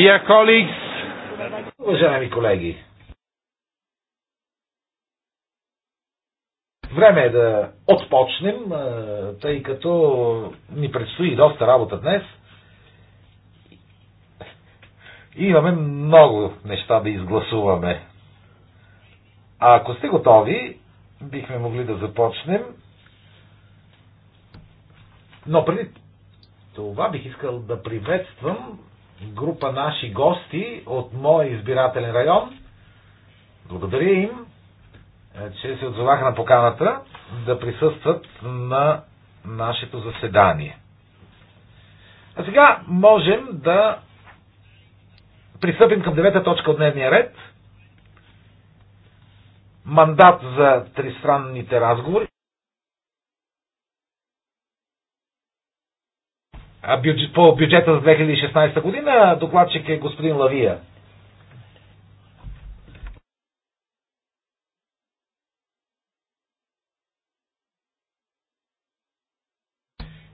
Dear colleagues, уважаеми колеги, време е да отпочнем, тъй като ни предстои доста работа днес. И имаме много неща да изгласуваме. А ако сте готови, бихме могли да започнем. Но преди това бих искал да приветствам група наши гости от мой избирателен район. Благодаря им, е, че се отзоваха на поканата да присъстват на нашето заседание. А сега можем да пристъпим към девета точка от дневния ред. Мандат за тристранните разговори. бюджет, по бюджета за 2016 година. Докладчик е господин Лавия.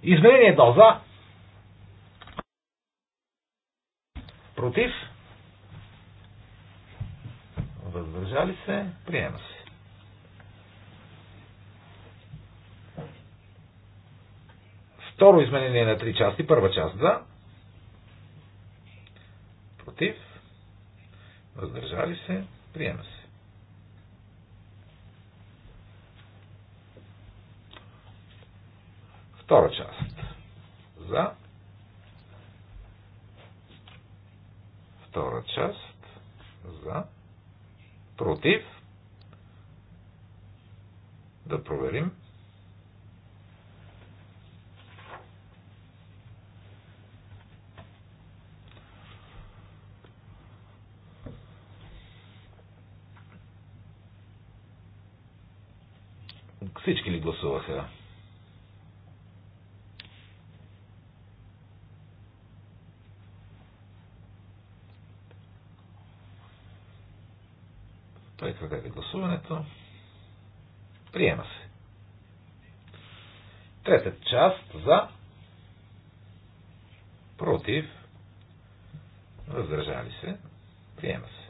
Изменение едно за. Против. Въздържали се. Приема се. Второ изменение на три части. Първа част за. Против. Въздържали се. Приема се. Втора част. За. Втора част. За. Против. Да проверим. Всички ли гласуваха? Прекратете гласуването. Приема се. Трета част за против въздържали се. Приема се.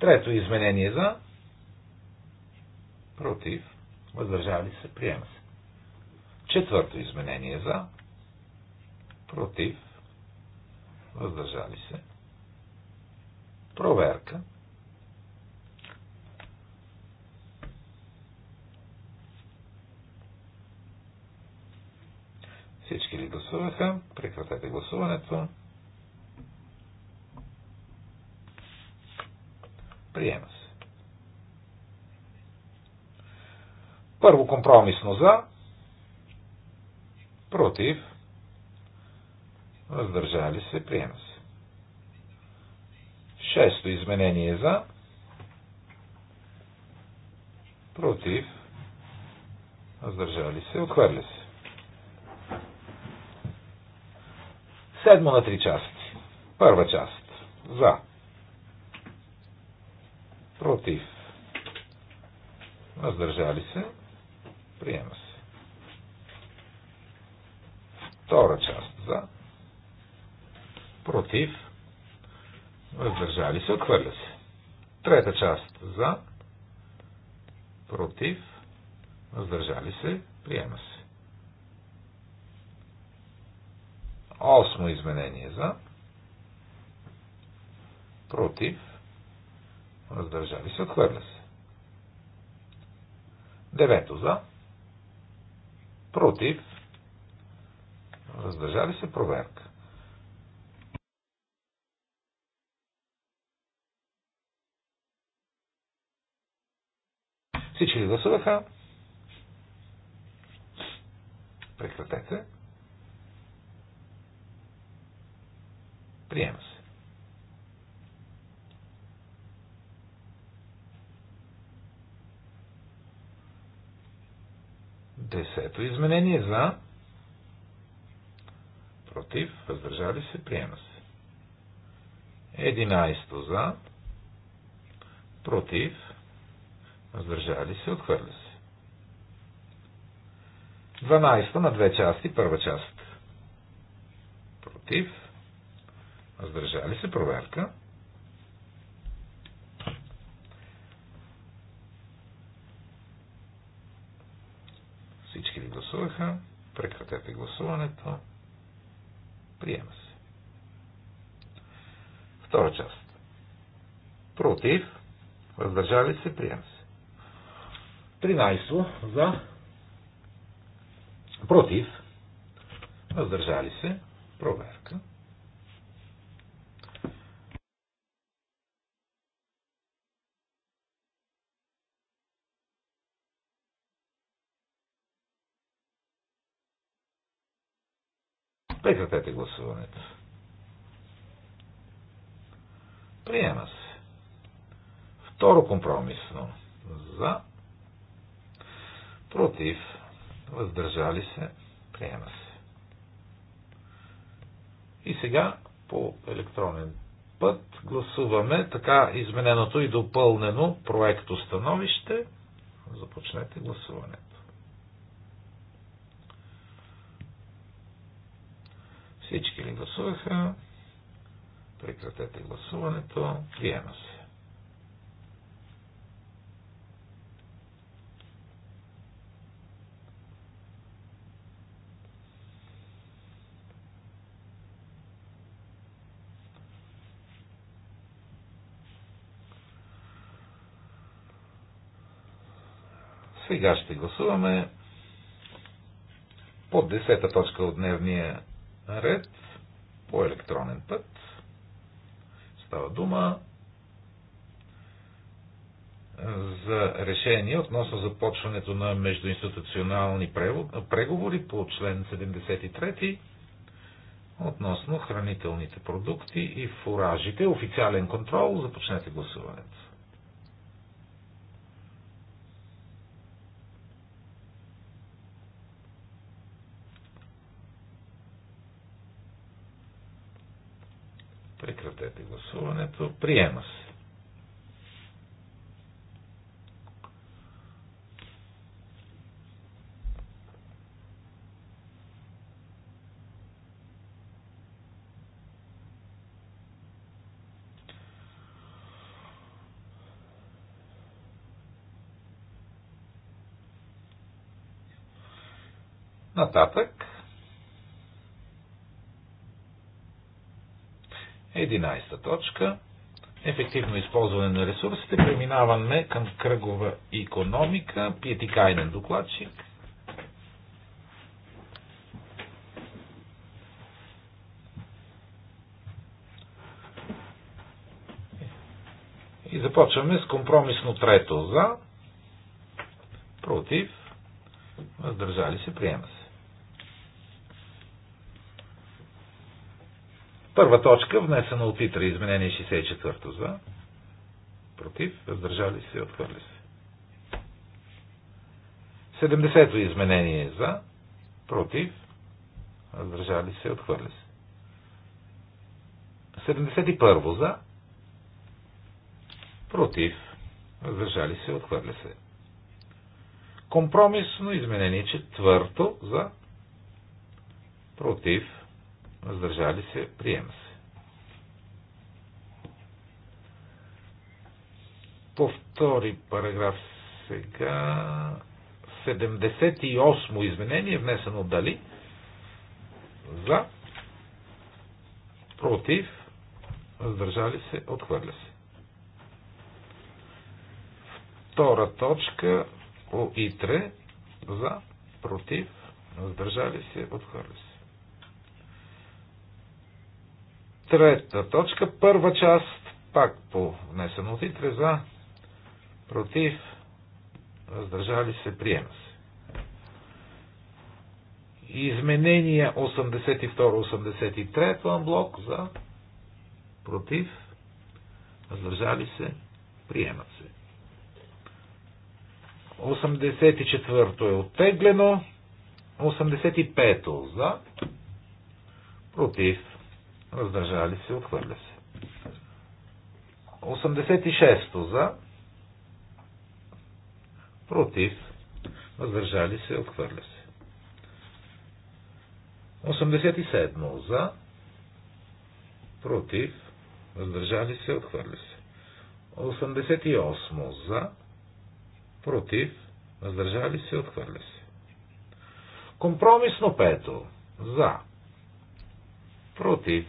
Трето изменение за против, въздържали се, приема се. Четвърто изменение за, против, въздържали се. Проверка. Всички ли гласуваха? Прекратете гласуването. Приема се. Първо компромисно за, против, въздържали се, приема се. Шесто изменение за, против, въздържали се, отхвърля се. Седмо на три части. Първа част. За. Против. Въздържали се. Приема се. Втора част за. Против. Въздържали се. Отхвърля се. Трета част за. Против. Въздържали се. Приема се. Осмо изменение за. Против. Въздържали се. Отхвърля се. Девето за. Против. Въздържали се проверка. Всички гласуваха? Прекратете. Приема се. Десето изменение за. Против. Въздържали се. Приема се. Единайсто за. Против. Въздържали се. Отхвърля се. Дванайсто на две части. Първа част. Против. Въздържали се. Проверка. гласуваха. Прекратете гласуването. Приема се. Втора част. Против. Въздържали се. Приема се. 13 за. Против. Въздържали се. Проверка. Прекратете гласуването. Приема се. Второ компромисно. За. Против. Въздържали се. Приема се. И сега по електронен път гласуваме така измененото и допълнено проекто становище. Започнете гласуването. Всички ли гласуваха? Прекратете гласуването. Приема се. Сега ще гласуваме по 10 точка от дневния ред по електронен път. Става дума за решение относно започването на междуинституционални преговори по член 73 относно хранителните продукти и фуражите. Официален контрол. Започнете гласуването. мнозинство. Приема се. Нататък 11 точка. Ефективно използване на ресурсите, Преминаваме към кръгова економика, Пиетикайнен докладчик. И започваме с компромисно трето за, против, въздържали се, приема се. Първа точка, внесена от ИТРА, изменение 64 за. Против, въздържали се, отхвърли се. 70-то изменение за. Против, въздържали се, отхвърли се. 71 за. Против, въздържали се, отхвърли се. Компромисно изменение четвърто за. Против, въздържали се, приема се. По втори параграф сега 78 изменение, внесено дали за, против, въздържали се, отхвърля се. Втора точка, о ИТРЕ, за, против, въздържали се, отхвърля се. Трета точка, първа част, пак по внесено от Итре, за, против, въздържали се, приема се. Изменения 82-83 анблок за, против, въздържали се, приемат се. 84-то е оттеглено, 85-то за, против, въздържали се, отхвърля се. 86-то за, против, въздържали се, отхвърля се. 87 за, против, въздържали се, отхвърля се. 88 за, против, въздържали се, отхвърля се. Компромисно пето за, против,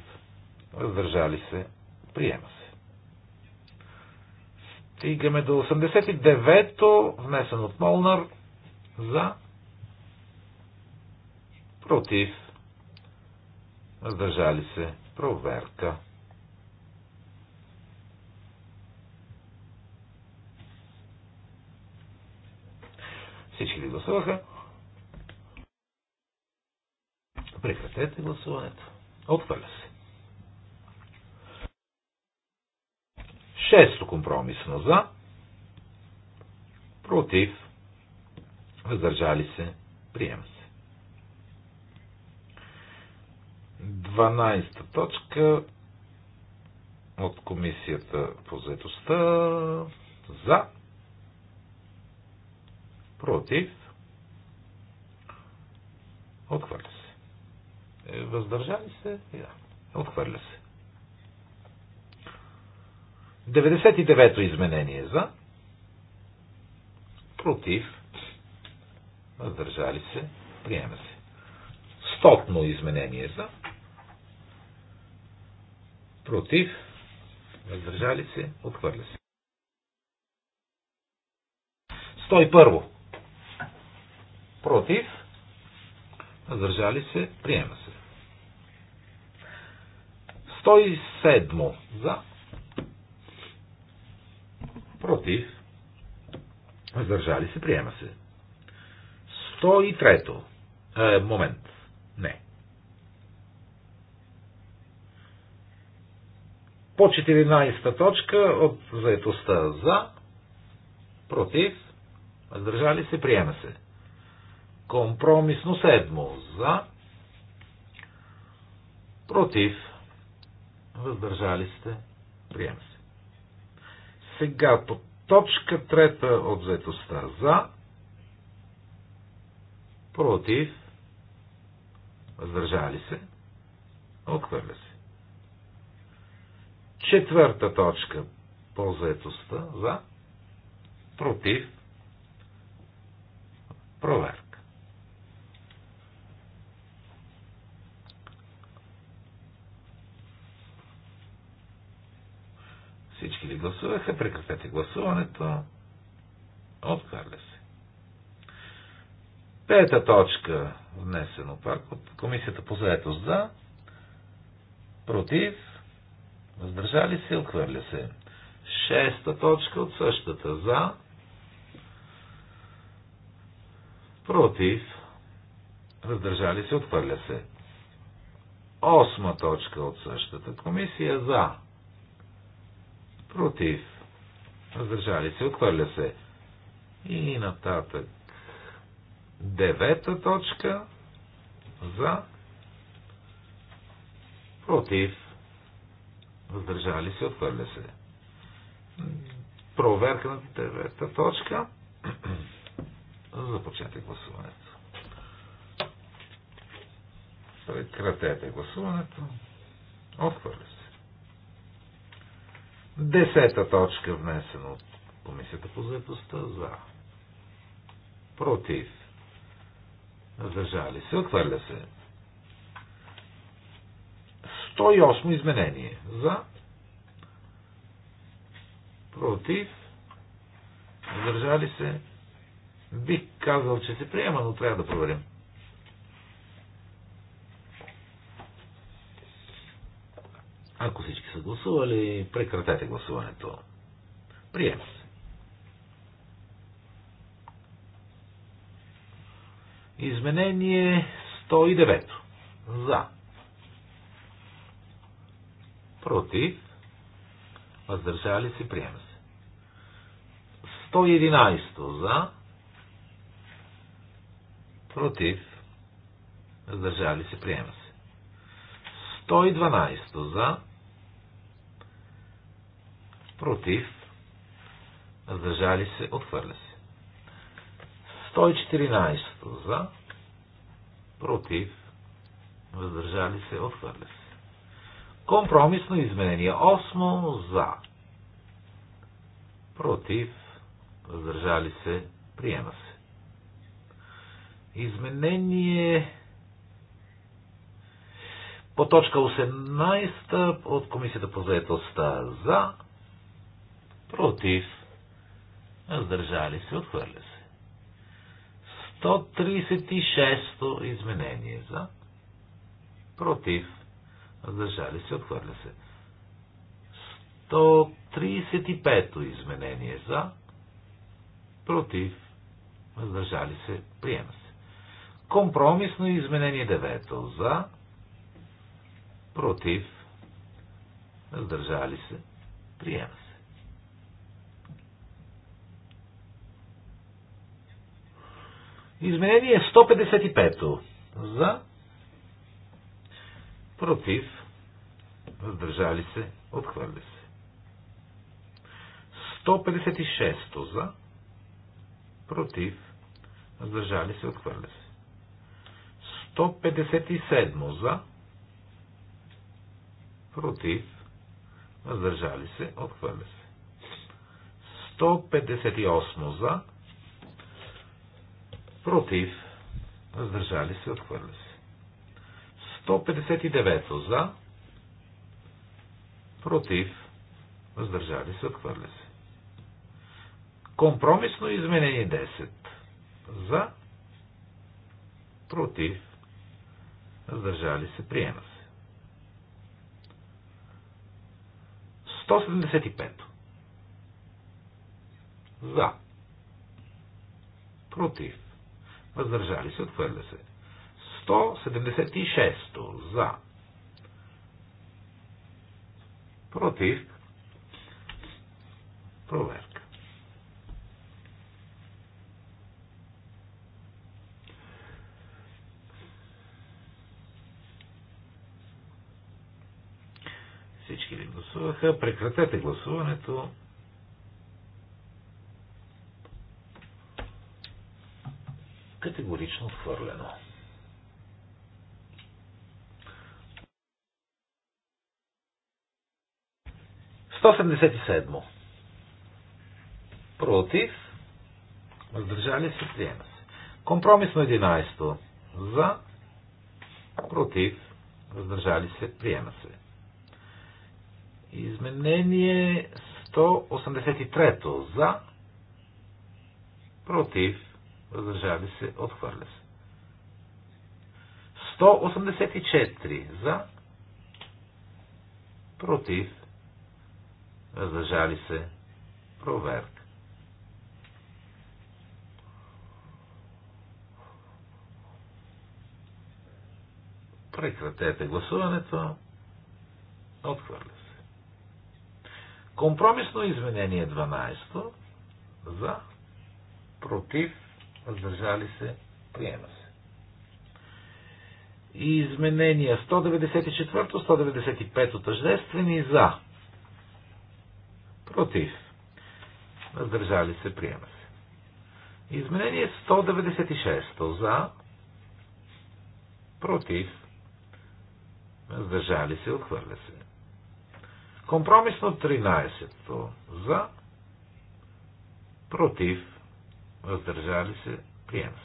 въздържали се, приема се. Стигаме до 89-то, внесен от Молнар, за, против, въздържали се, проверка. Всички ли гласуваха? Прекратете гласуването. Отхвърля се. Шесто компромисно за. Против. Въздържали се. Приема се. 12 точка от комисията по заедостта за против отхвърля се. Е, въздържали се? Да. Отхвърля се. 99-то изменение за. Против. Въздържали се. Приема се. Стотно изменение за. Против. Въздържали се. Отхвърля се. 101. Против. Въздържали се. Приема се. 107. За против, въздържали се, приема се. 103-то. Е, момент. Не. По 14-та точка от заетостта за, против, въздържали се, приема се. Компромисно седмо за, против, въздържали се, приема се. Сега по точка трета от заедостта за, против, въздържали се, отхвърля се. Четвърта точка по заедостта за, против, проверка. гласуваха. Прекратете гласуването. Отхвърля се. Пета точка, внесено пак от Комисията по заетост за, против, въздържали се, отхвърля се. Шеста точка от същата за, против, въздържали се, отхвърля се. Осма точка от същата комисия за, против, въздържали се, отхвърля се. И нататък. Девета точка за против, въздържали се, отхвърля се. Проверка на девета точка. Започнете гласуването. Прекратете гласуването. Отхвърля се. Десета точка внесена от Комисията по заедостта за. Против. Въздържали се. Отхвърля се. 108 изменение. За. Против. Въздържали се. Бих казал, че се приема, но трябва да проверим. Ако всички са гласували, прекратете гласуването. Приема се. Изменение 109. За. Против. Въздържали се. Приема се. 111. За. Против. Въздържали се. Приема се. 112. За против, въздържали се, отхвърля се. 114 за, против, въздържали се, отхвърля се. Компромисно изменение 8 за, против, въздържали се, приема се. Изменение по точка 18 от Комисията по заедостта за, против, въздържали се, отхвърля се. 136-то изменение за, против, въздържали се, отхвърля се. 135-то изменение за, против, въздържали се, приема се. Компромисно изменение 9 за, против, въздържали се, приема се. Изменение 155 за против въздържали се, отхвърля се. 156 за против въздържали се, отхвърля се. 157 за против въздържали се, отхвърля се. 158 за против, въздържали се, отхвърля се. 159 за, против, въздържали се, отхвърля се. Компромисно изменени 10 за, против, въздържали се, приема се. 175 за, против, въздържали се, отхвърля се. 176 за, против, проверка. Всички ли гласуваха? Прекратете гласуването. Категорично отхвърлено. Сто Против. Въздържали се, приема се. Компромисно 11. За. Против. Въздържали се, приема се. Изменение 183. За. Против въздържали се, отхвърля се. 184 за, против, въздържали се, проверка. Прекратете гласуването. Отхвърля се. Компромисно изменение 12 за, против, въздържали се, приема се. И изменения 194-195 тъждествени за, против, въздържали се, приема се. Изменение 196 за, против, въздържали се, отхвърля се. Компромисно 13 за, против, въздържали се, приема се.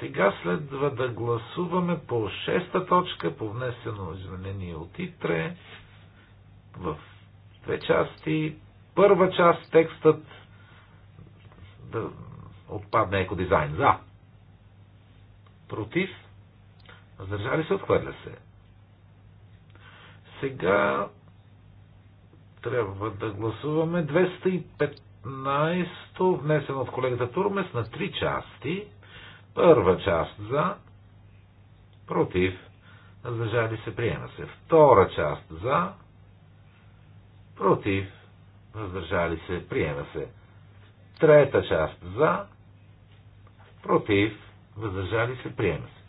Сега следва да гласуваме по шеста точка, по внесено изменение от ИТРЕ, в две части. Първа част текстът да отпадне Дизайн. За. Против. Въздържали се, отхвърля се. Сега трябва да гласуваме 215 15, внесен от колегата Турмес на три части. Първа част за, против, въздържали се, приема се. Втора част за, против, въздържали се, приема се. Трета част за, против, въздържали се, приема се.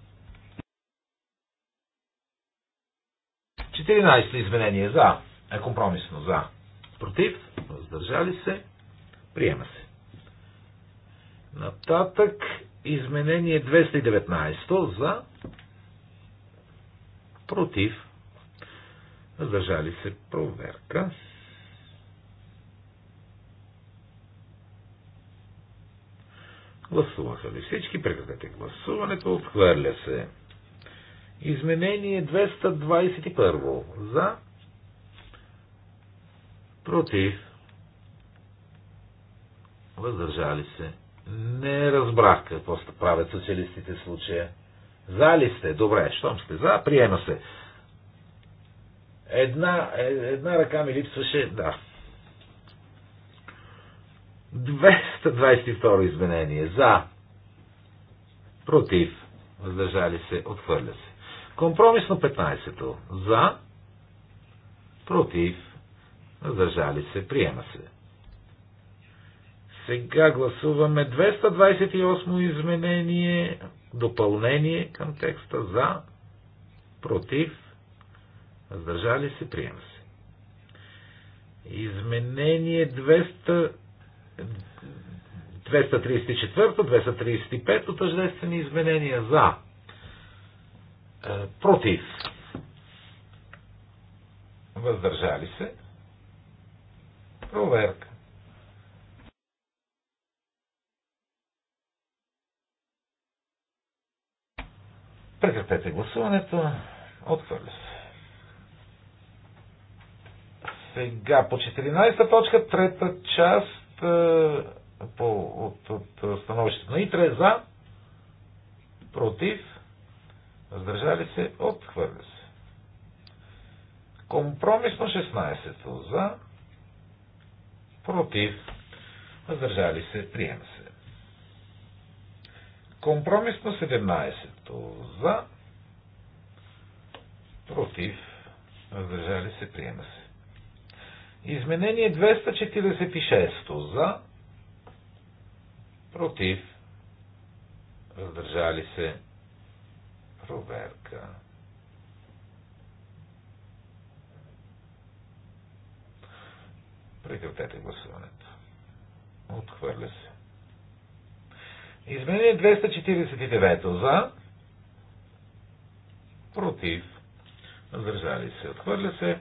14 изменение за, е компромисно за, против, въздържали се, Приема се. Нататък изменение 219 за против. Задържали се проверка. Гласуваха ли всички? Прекратете гласуването. Отхвърля се. Изменение 221 за против Въздържали се. Не разбрах какво сте правят социалистите в случая. За ли сте? Добре, щом сте за, приема се. Една, е, една ръка ми липсваше, да. 222 изменение. За. Против. Въздържали се. Отхвърля се. Компромисно 15-то. За. Против. Въздържали се. Приема се. Сега гласуваме 228 изменение, допълнение към текста за, против, въздържали се, приема се. Изменение 200, 234-235 тъждествени изменения за, е, против, въздържали се, проверка. Прекратете гласуването. Отхвърля се. Сега по 14-та точка, трета част е, по, от, от становището на ИТРЕ за, против, въздържали се, отхвърля се. Компромисно 16-то за, против, въздържали се, приема Компромисно 17-то за, против, въздържали се, приема се. Изменение 246-то за, против, въздържали се, проверка. Прекратете гласуването. Отхвърля се. Изменение 249 за, против, въздържали се, отхвърля се.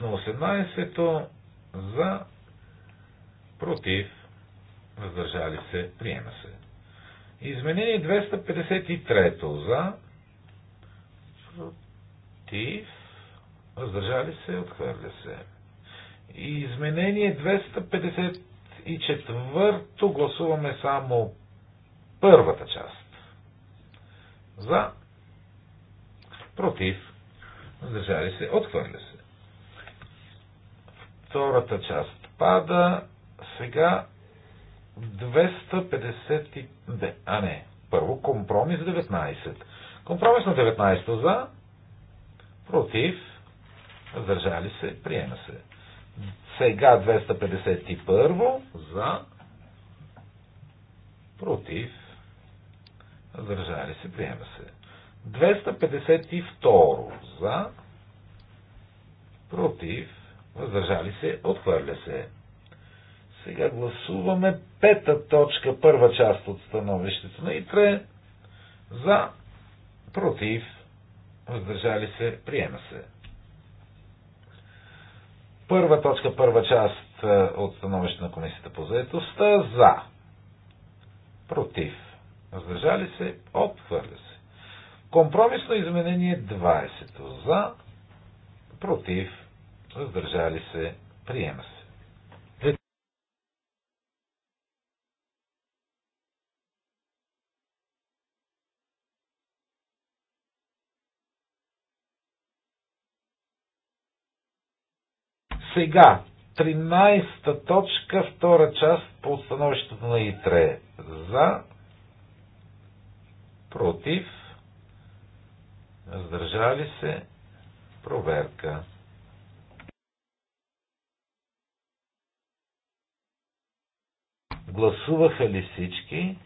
на 18 за, против, въздържали се, приема се. Изменение 253 за, против, въздържали се, отхвърля се. Изменение 250 и четвърто гласуваме само първата част. За, против, въздържали се, отхвърля се. Втората част пада. Сега 250... А не, първо компромис 19. Компромис на 19 за, против, въздържали се, приема се. Сега 251 за против въздържали се, приема се. 252 за против въздържали се, отхвърля се. Сега гласуваме пета точка, първа част от становището на ИТРЕ за против въздържали се, приема се. Първа точка, първа част е, от становище на Комисията по заедостта за. Против. Въздържали се. Отхвърля се. Компромисно изменение 20. За. Против. Въздържали се. Приема се. Сега, 13-та точка, втора част по становището на ИТРЕ. За, против, раздържали се, проверка. Гласуваха ли всички?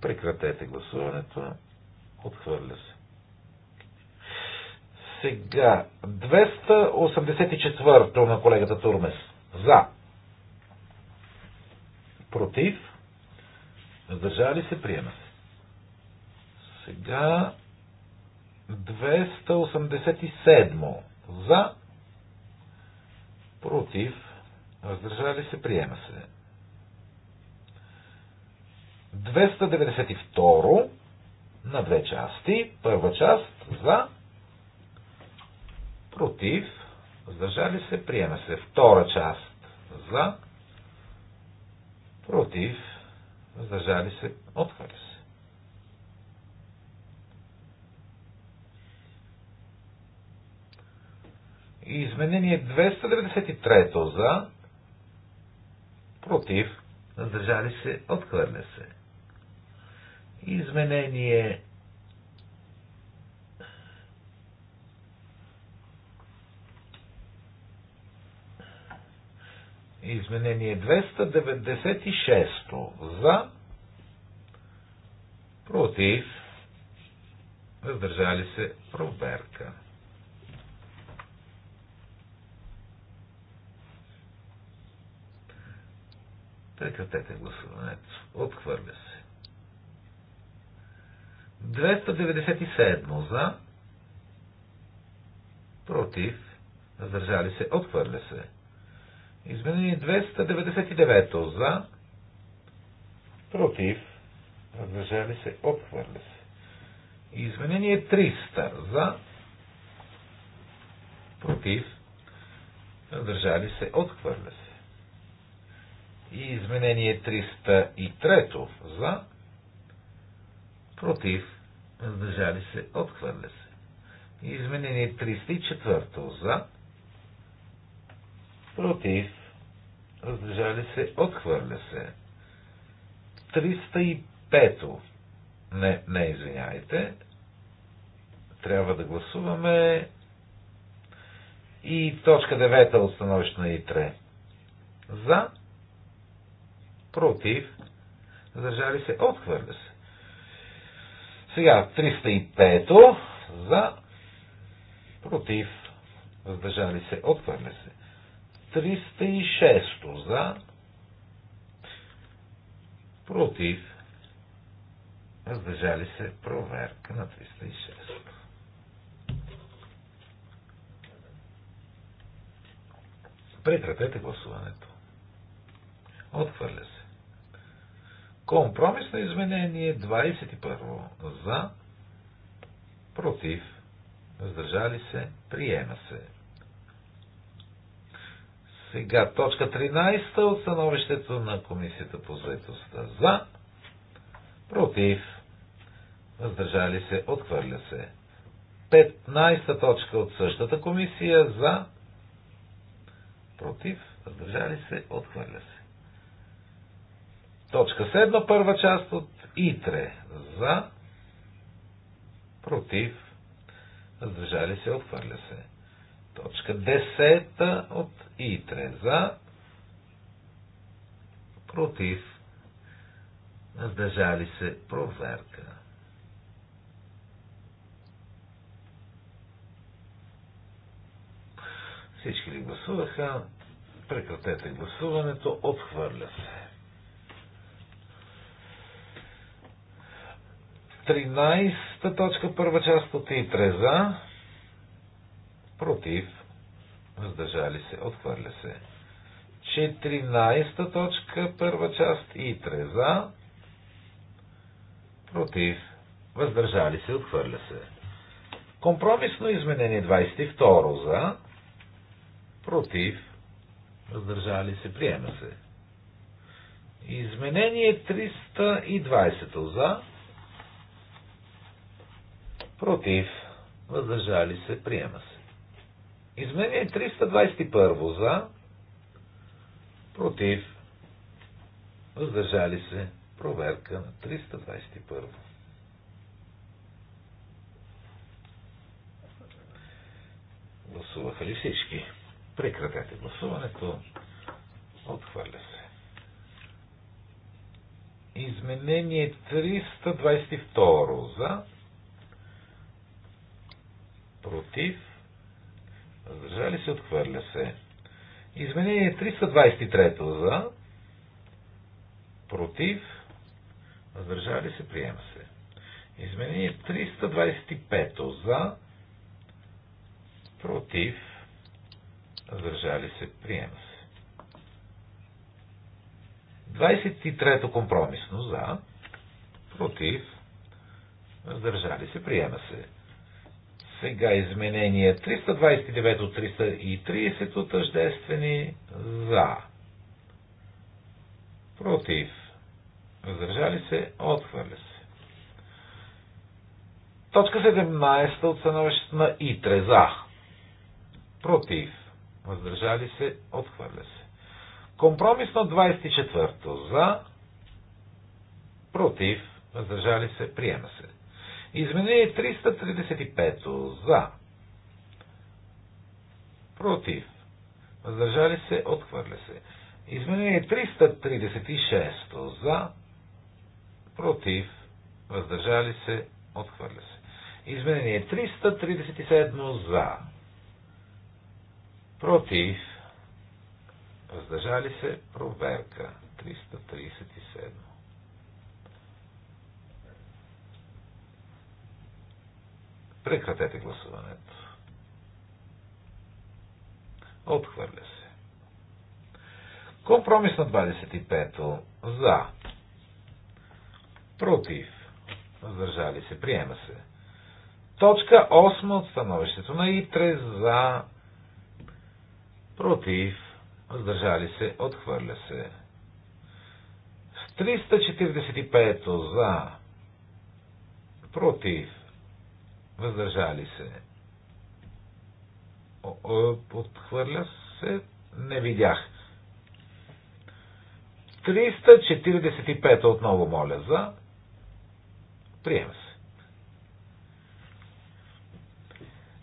Прекратете гласуването. Отхвърля се. Сега, 284-то на колегата Турмес. За. Против. Задържали се, приема се. Сега, 287 За. Против. Въздържали се, приема се. 292 на две части. Първа част за против, въздържали се, приема се. Втора част за, против, въздържали се, отхвърля се. И изменение 293 за, против, въздържали се, отхвърля се. Изменение Изменение 296 за, против, въздържали се, проверка. Прекратете гласуването. Отхвърля се. 297 за. Против. Въздържали се. Отхвърля се. Изменение 299 за, против, въздържали се, отхвърля се. Изменение 300 за, против, въздържали се, отхвърля се. И изменение 303 за, против, въздържали се, отхвърля се. И изменение 304 за, против, въздържали се, отхвърля се. 305-то. Не, не, извиняйте. Трябва да гласуваме и точка 9 от становище на ИТРЕ. За, против, въздържали се, отхвърля се. Сега 305-то за, против, въздържали се, отхвърля се. 306 за, против, въздържали се проверка на 306. Прекратете гласуването. Отхвърля се. Компромисно изменение 21 за, против, въздържали се, приема се. Сега, точка 13 от становището на Комисията по заедостта. За, против, въздържали се, отхвърля се. 15 та точка от същата комисия за, против, въздържали се, отхвърля се. Точка 7, първа част от ИТРЕ за, против, въздържали се, отхвърля се. Точка 10 от И3 за против въздържали се проверка. Всички ли гласуваха? Прекратете гласуването. Отхвърля се. 13 та точка, първа част от ИТРЕ за против, въздържали се, отхвърля се. 14 точка, първа част, и 3 за, против, въздържали се, отхвърля се. Компромисно изменение 22 за, против, въздържали се, приема се. Изменение 320 за, против, въздържали се, приема се. Изменение 321 за, против, въздържали се, проверка на 321. Гласуваха ли всички? Прекратете гласуването. Отхвърля се. Изменение 322 за против Въздържали се, отхвърля се. Изменение 323 за. Против. Въздържали се, приема се. Изменение 325 за. Против. Въздържали се, приема се. 23-то компромисно за. Против. Въздържали се, приема се. Сега изменение 329 от 330 от тъждествени за. Против. Въздържали се, отхвърля се. Точка 17 от становището на ИТРЕ за. Против. Въздържали се, отхвърля се. Компромисно 24 за. Против. Въздържали се, приема се. Изменение 335 за. Против. Въздържали се, отхвърля се. Изменение 336 за. Против. Въздържали се, отхвърля се. Изменение 337 за. Против. Въздържали се проверка. 337. Прекратете гласуването. Отхвърля се. Компромис на 25-то. За. Против. Въздържали се. Приема се. Точка 8 от становището на ИТРЕ за против, въздържали се, отхвърля се. С 345 за против, въздържали се. Отхвърля се, не видях. 345 отново моля за. Приема се.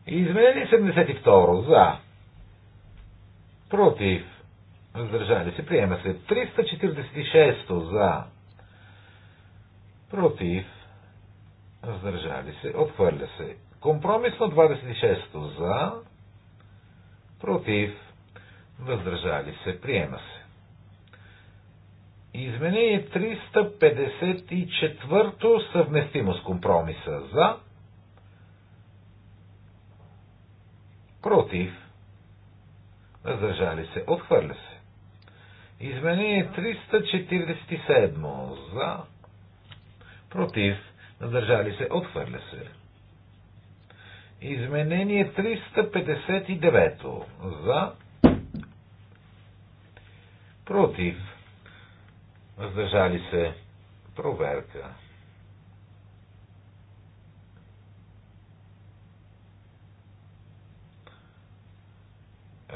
Изменени 72 за. Против. Въздържали се. Приема се. 346 за. Против въздържали се, отхвърля се. Компромисно 26-то за, против, въздържали се, приема се. Изменение 354 съвместимо с компромиса за, против, въздържали се, отхвърля се. Изменение 347 за, против, Задържали се, отхвърля се. Изменение 359 за против въздържали се проверка.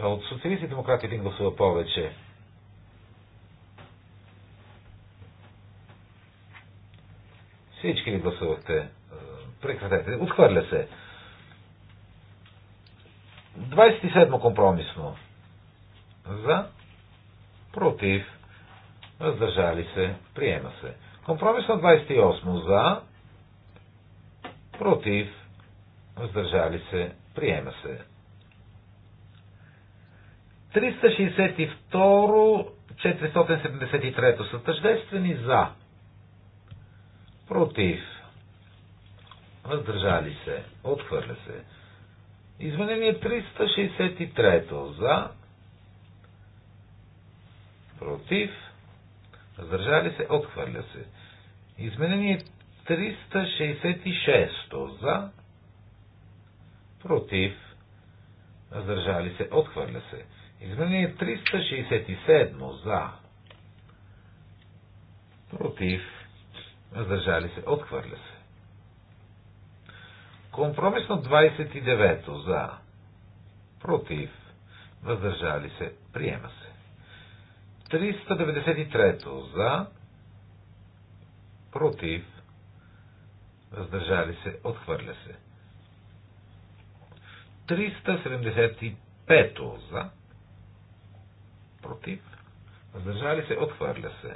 От социалисти демократи един гласува повече. Всички ли гласувахте? Е, прекратете. Отхвърля се. 27 компромисно. За. Против. Въздържали се. Приема се. Компромисно 28 за. Против. Въздържали се. Приема се. 362-473 са тъждествени за против, въздържали се, отхвърля се. Изменение 363 за, против, въздържали се, отхвърля се. Изменение 366 за, против, въздържали се, отхвърля се. Изменение 367 за, против, въздържали се, отхвърля се. Компромисно 29 за, против, въздържали се, приема се. 393 за, против, въздържали се, отхвърля се. 375 за, против, въздържали се, отхвърля се.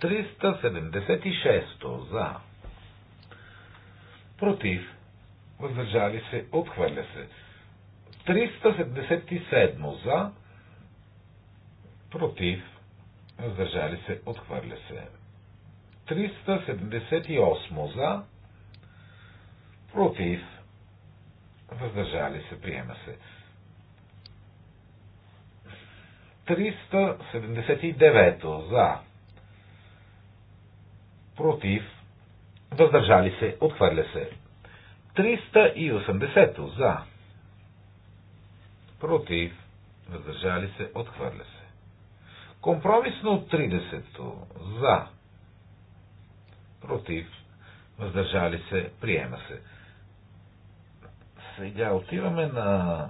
376 за. Против. Въздържали се. Отхвърля се. 377 за. Против. Въздържали се. Отхвърля се. 378 за. Против. Въздържали се. Приема се. 379 за против, въздържали се, отхвърля се. 380 за, против, въздържали се, отхвърля се. Компромисно 30 за, против, въздържали се, приема се. Сега отиваме на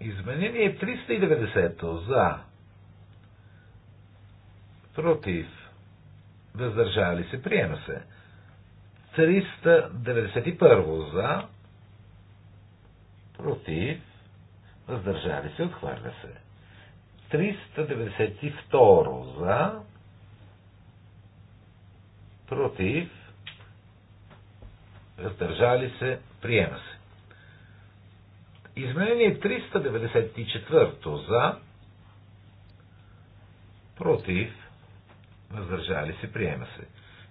изменение 390 за, против, въздържали се, приема се. 391 за, против, въздържали се, отхвърля се. 392 за, против, въздържали се, приема се. Изменение 394 за, против, въздържали се, приема се.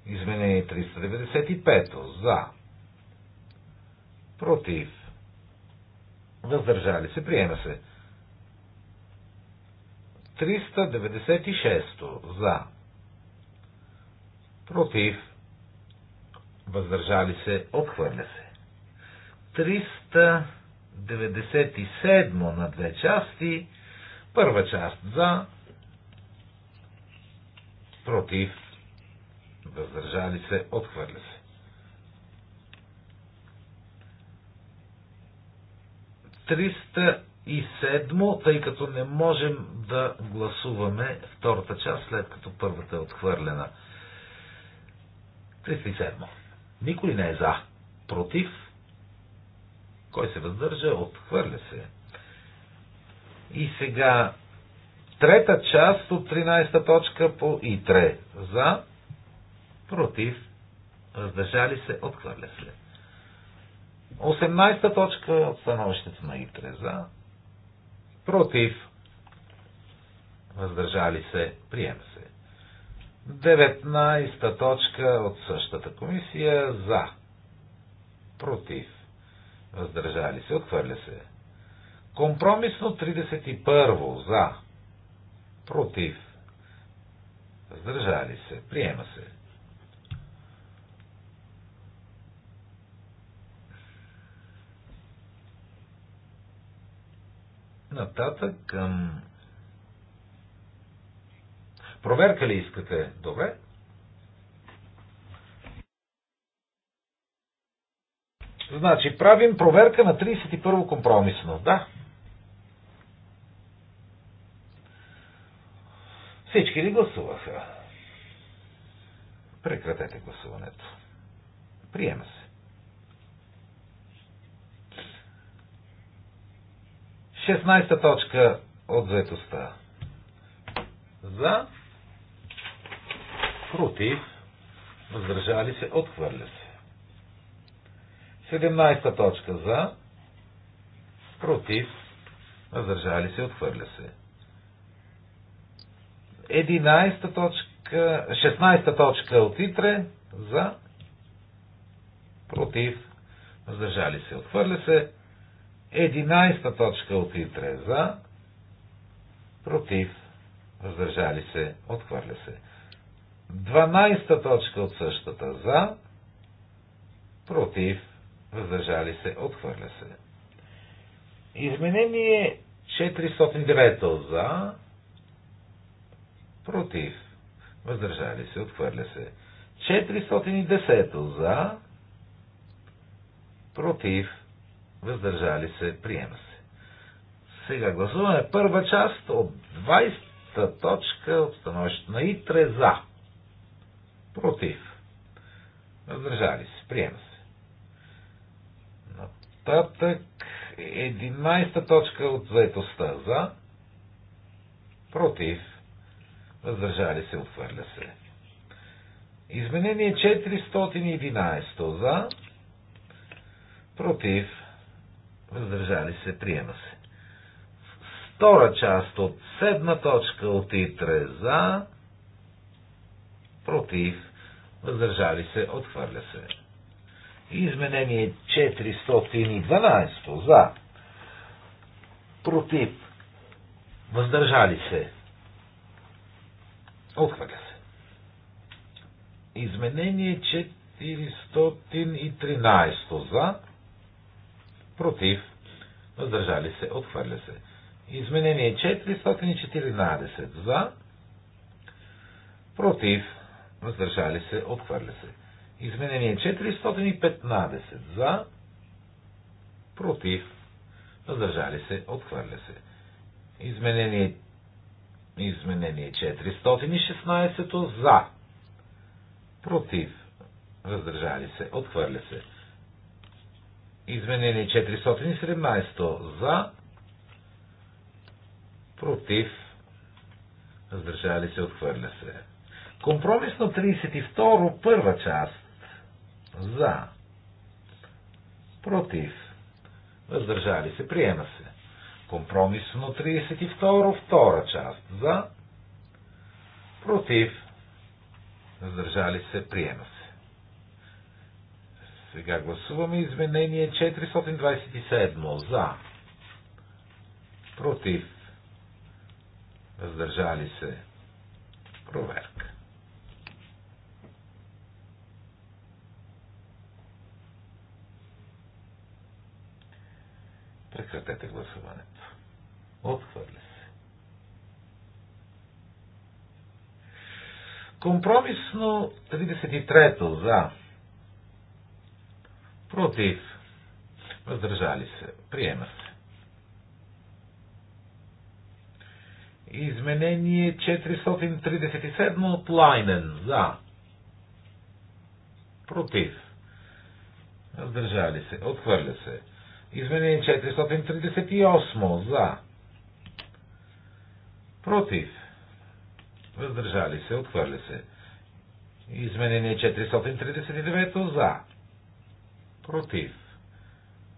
Изменение 395 за, против, въздържали се, приема се. 396 за, против, въздържали се, отхвърля се. 397 на две части, първа част за, против, въздържали се, отхвърля се. Триста и седмо, тъй като не можем да гласуваме втората част, след като първата е отхвърлена. 307. Никой не е за. Против. Кой се въздържа? Отхвърля се. И сега Трета част от 13-та точка по ИТРЕ. За, против, въздържали се, отхвърля се. 18-та точка от становището на ИТРЕ. За, против, въздържали се, приема се. 19-та точка от същата комисия. За, против, въздържали се, отхвърля се. Компромисно 31 за, против, въздържали се, приема се. Нататък към... Проверка ли искате? Добре. Значи, правим проверка на 31-во компромисно. Да, Всички ли гласуваха? Прекратете гласуването. Приема се. 16 точка от заетостта. За, против, въздържали се, отхвърля се. 17 точка за, против, въздържали се, отхвърля се. 11 точка, 16 точка от Итре за против, въздържали се, отхвърля се. 11 точка от Итре за против, въздържали се, отхвърля се. 12 точка от същата за против, въздържали се, отхвърля се. Изменение 409 за против, въздържали се, отхвърля се. 410 за, против, въздържали се, приема се. Сега гласуваме първа част от 20-та точка от становището на ИТРЕ за. Против. Въздържали се. Приема се. Нататък 11-та точка от заетостта за. Против въздържали се, отхвърля се. Изменение 411 за, против, въздържали се, приема се. Втора част от седма точка от Итре за, против, въздържали се, отхвърля се. Изменение 412 за, против, въздържали се, Отхвърля се. Изменение 413 за, против, въздържали се, отхвърля се. Изменение 414 за, против, въздържали се, отхвърля се. Изменение 415 за, против, въздържали се, отхвърля се. Изменение Изменение 416 за. Против. Въздържали се. Отхвърля се. Изменение 417 за. Против. Въздържали се. Отхвърля се. Компромисно 32 първа част. За. Против. Въздържали се. Приема се. Компромисно 32, втора част. За, против, въздържали се, приема се. Сега гласуваме изменение 427. За, против, въздържали се, проверка. Прекратете гласуването. Отхвърля се. Компромисно 33-то за. Против. Въздържали се. Приема се. Изменение 437 от Лайнен. За. Против. Въздържали се. Отхвърля се. Изменение 438. За. Против. Въздържали се. Отхвърля се. Изменение 439 за. Против.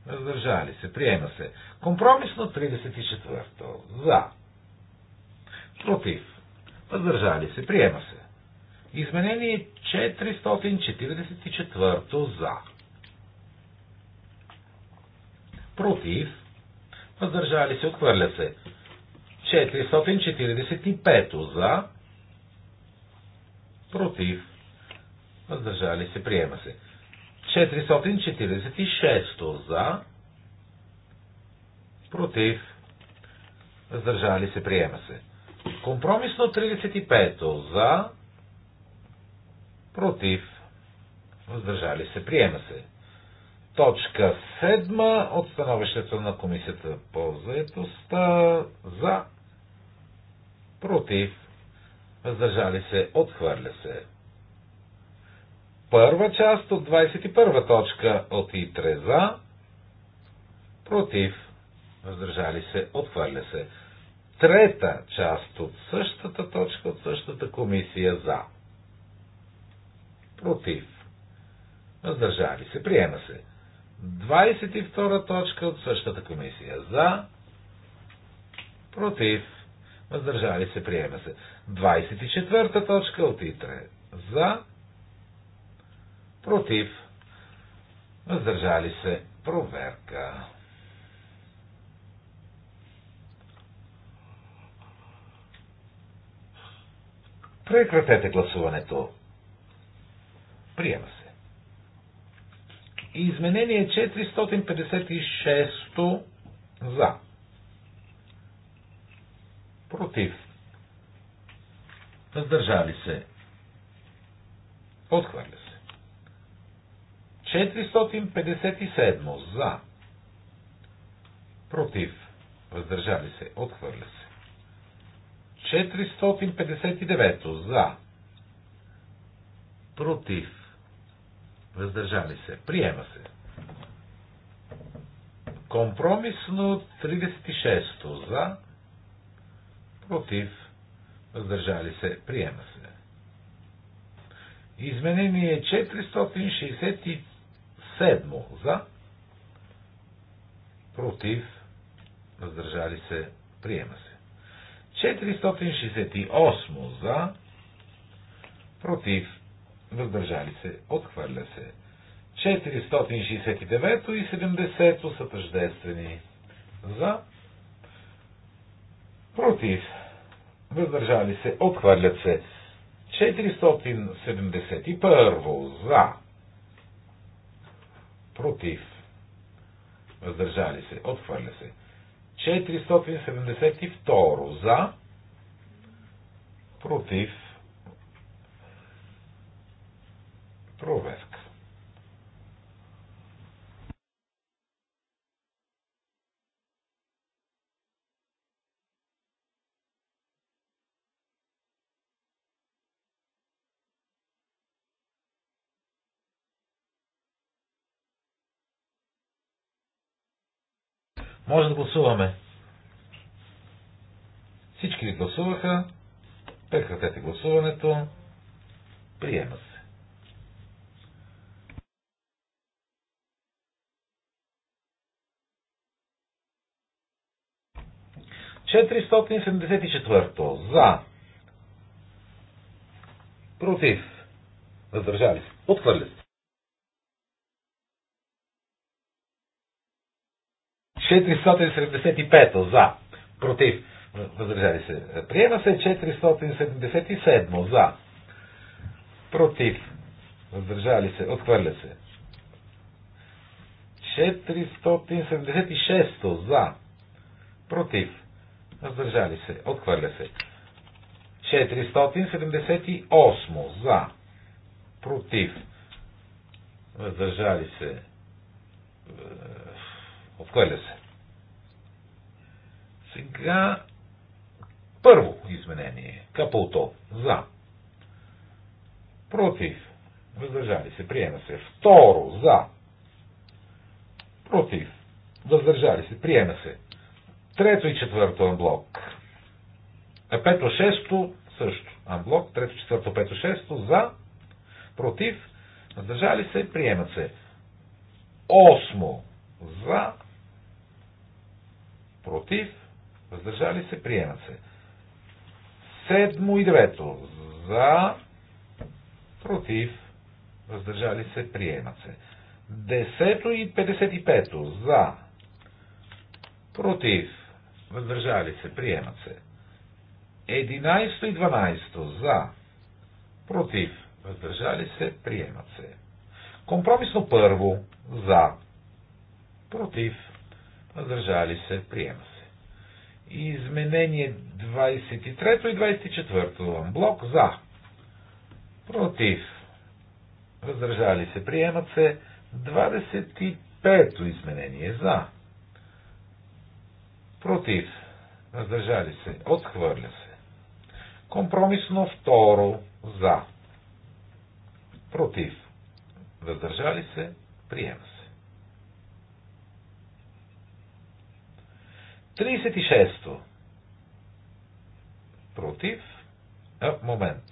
Въздържали се. Приема се. Компромисно 34 за. Против. Въздържали се. Приема се. Изменение 444 за. Против. Въздържали се. Отхвърля се. 445 за, против, въздържали се, приема се. 446 за, против, въздържали се, приема се. Компромисно 35 за, против, въздържали се, приема се. Точка 7 от становището на Комисията по заедостта за против, въздържали се, отхвърля се. Първа част от 21 точка от Итре за, против, въздържали се, отхвърля се. Трета част от същата точка от същата комисия за, против, въздържали се, приема се. 22 точка от същата комисия за, против, въздържали се, приема се. 24-та точка от ИТРЕ. За, против, въздържали се, проверка. Прекратете гласуването. Приема се. Изменение 456 за Против. Въздържали се. Отхвърля се. 457 за. Против. Въздържали се. Отхвърля се. 459 за. Против. Въздържали се. Приема се. Компромисно 36 за против, въздържали се, приема се. Изменение 467 за, против, въздържали се, приема се. 468 за, против, въздържали се, отхвърля се. 469 и 70 са тъждествени за, против, въздържали се, отхвърлят се. 471 за, против, въздържали се, отхвърля се. 472 за, против, проверка. Може да гласуваме. Всички ли гласуваха? Прекратете гласуването. Приема се. Четиристотин за. Против. Въздържали се. Отхвърли се. 475 за, против, въздържали се. Приема се 477 за, против, въздържали се, отхвърля се. 476 за, против, въздържали се, отхвърля се. 478 за, против, въздържали се, Отхвърля се. Сега първо изменение. Капълто. За. Против. Въздържали се. Приема се. Второ. За. Против. Въздържали се. Приема се. Трето и четвърто анблок. А пето, шесто също. Анблок. Трето, четвърто, пето, шесто. За. Против. Въздържали се. Приемат се. Осмо. За против, въздържали се, приема се. Седмо и девето, за, против, въздържали се, приема се. Десето и 55 за, против, въздържали се, приемат се. Единайсто и 12 за, против, въздържали се, приемат се. Компромисно първо, за, против, въздържали се, приема се. Изменение 23 и 24 блок за, против, въздържали се, приемат се. 25 изменение за, против, въздържали се, отхвърля се. Компромисно второ за, против, въздържали се, приема се. 36-то. Против. А, момент.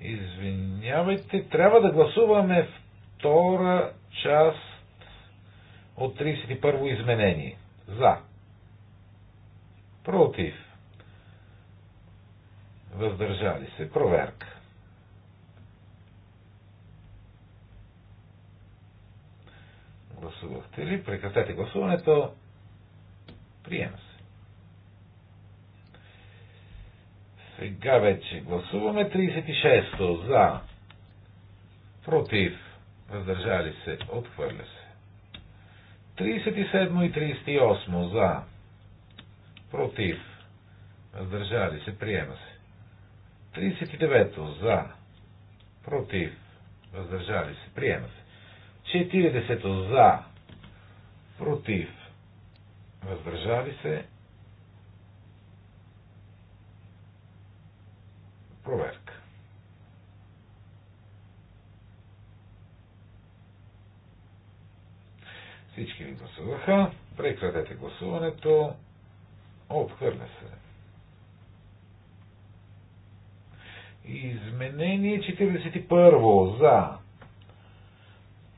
Извинявайте, трябва да гласуваме втора част от 31-во изменение. За. Против. Въздържали се. Проверка. Гласувахте ли? Прекратете гласуването. Приема се. Сега вече гласуваме 36-то за, против, въздържали се, отхвърля се. 37 и 38 за, против, въздържали се, приема се. 39 за, против, въздържали се, приема се. 40 за, против, въздържали се, проверка. Всички ли гласуваха? Прекратете гласуването. Отхвърля се. Изменение 41 за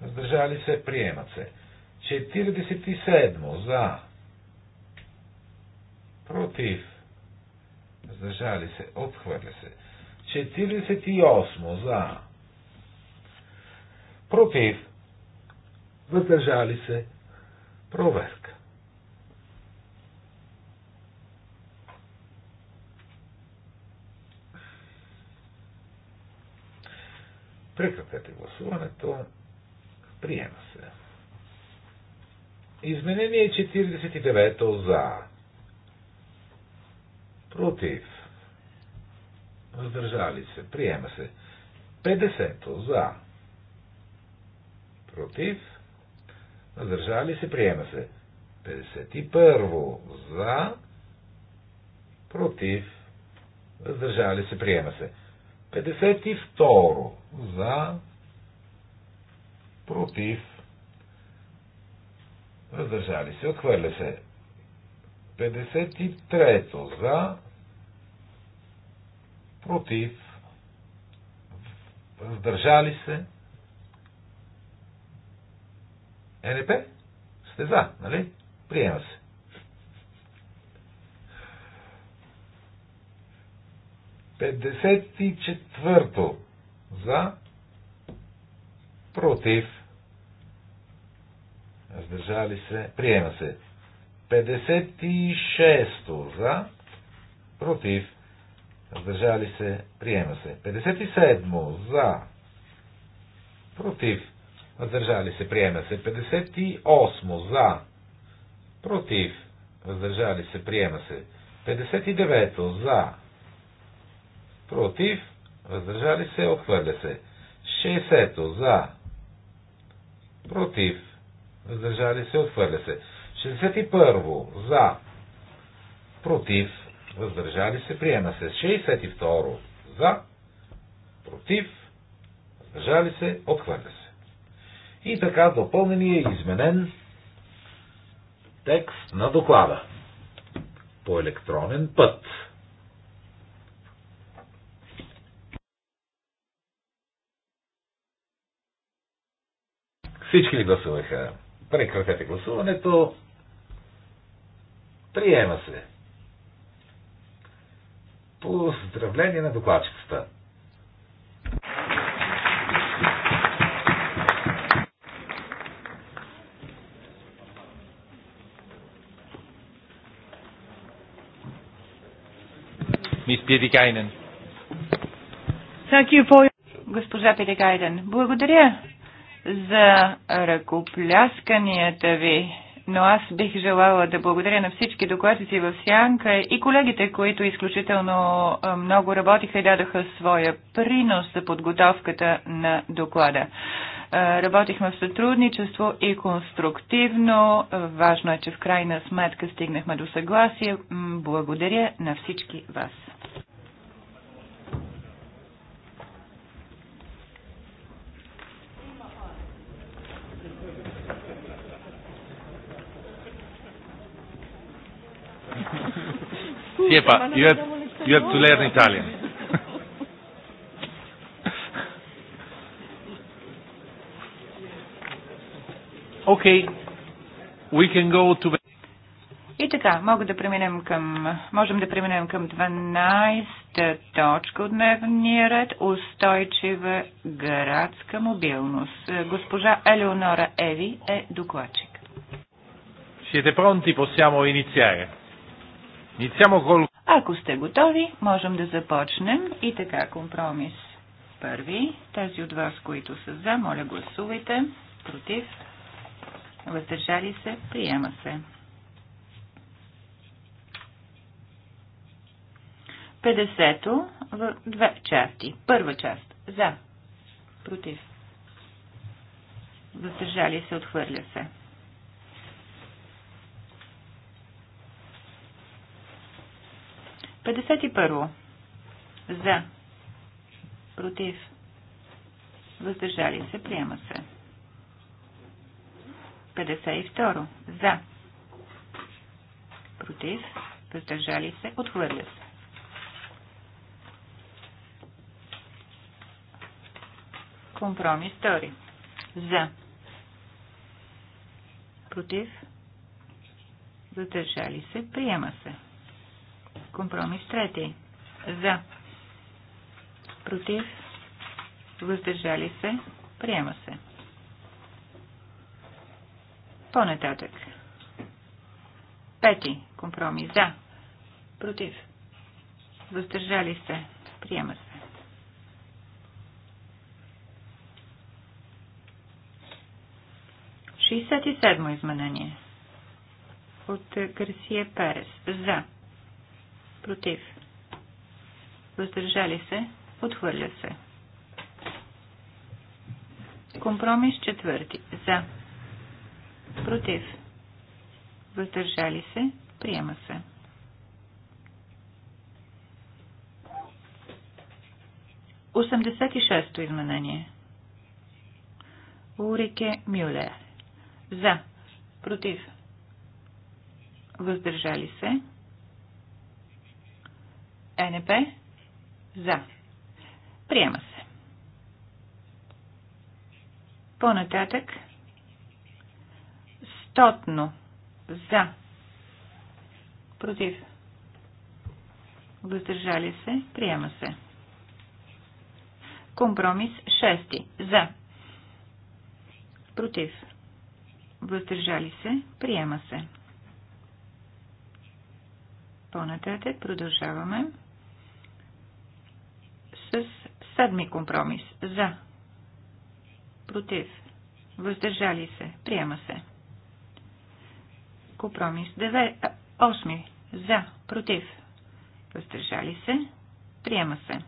въздържали се, приемат се. 47 за, против, въздържали се, отхвърля се. 48 за, против, въздържали се, проверка. Прекратете гласуването. Приема се. Изменение 49 за. Против. Въздържали се. Приема се. 50 за. Против. Въздържали се. Приема се. 51 за. Против. Въздържали се. Приема се. 52 за против, въздържали се, отхвърля се. 53-то за, против, въздържали се. Е, НП? Сте за, нали? Приема се. Петдесет и четвърто за против Въздържали се. Приема се. 56 за. Против. Въздържали се. Приема се. 57 за. Против. Въздържали се. Приема се. 58 за. Против. Въздържали се. Приема се. 59 за. Против. Въздържали се. Отхвърля се. 60 за. Против въздържали се, отхвърля се. 61 за, против, въздържали се, приема се. 62 за, против, въздържали се, отхвърля се. И така и е изменен текст на доклада по електронен път. Всички ли гласуваха? Прекратете гласуването. Приема се. Поздравление на докладчицата. Мис Пиетикайнен. Госпожа Пиетикайнен, благодаря за ръкоплясканията ви, но аз бих желала да благодаря на всички докладчици в Сянка и колегите, които изключително много работиха и дадаха своя принос за подготовката на доклада. Работихме в сътрудничество и конструктивно. Важно е, че в крайна сметка стигнахме до съгласие. Благодаря на всички вас. Sì, but you have, you have to learn Italian. Okay, we can go to... the... И така, мога да преминем към, можем да преминем към 12-та точка от дневния ред – устойчива градска мобилност. Госпожа Елеонора Еви е докладчик. Siete пронти, Possiamo iniziare. Ако сте готови, можем да започнем. И така, компромис първи. Тези от вас, които са за, моля гласувайте. Против. Въздържали се. Приема се. 50-то в две части. Първа част. За. Против. Въздържали се. Отхвърля се. 51. За. Против. Въздържали се. Приема се. 52. За. Против. Въздържали се. Отхвърля се. Компромис 2. За. Против. Задържали се. Приема се. Компромис трети. За. Против. Въздържали се. Приема се. По-нататък. Пети. Компромис. За. Против. Въздържали се. Приема се. Шестдесет и седмо изменение от Гарсия Перес. За. Против. Въздържали се. Отхвърля се. Компромис четвърти. За. Против. Въздържали се. Приема се. Осемдесет и шесто изменение. Урике Мюлер. За. Против. Въздържали се. НП. За. Приема се. По-нататък. Стотно. За. Против. Въздържали се. Приема се. Компромис 6. За. Против. Въздържали се. Приема се. По-нататък продължаваме с седми компромис. За. Против. Въздържали се. Приема се. Компромис 9. 8. За. Против. Въздържали се. Приема се.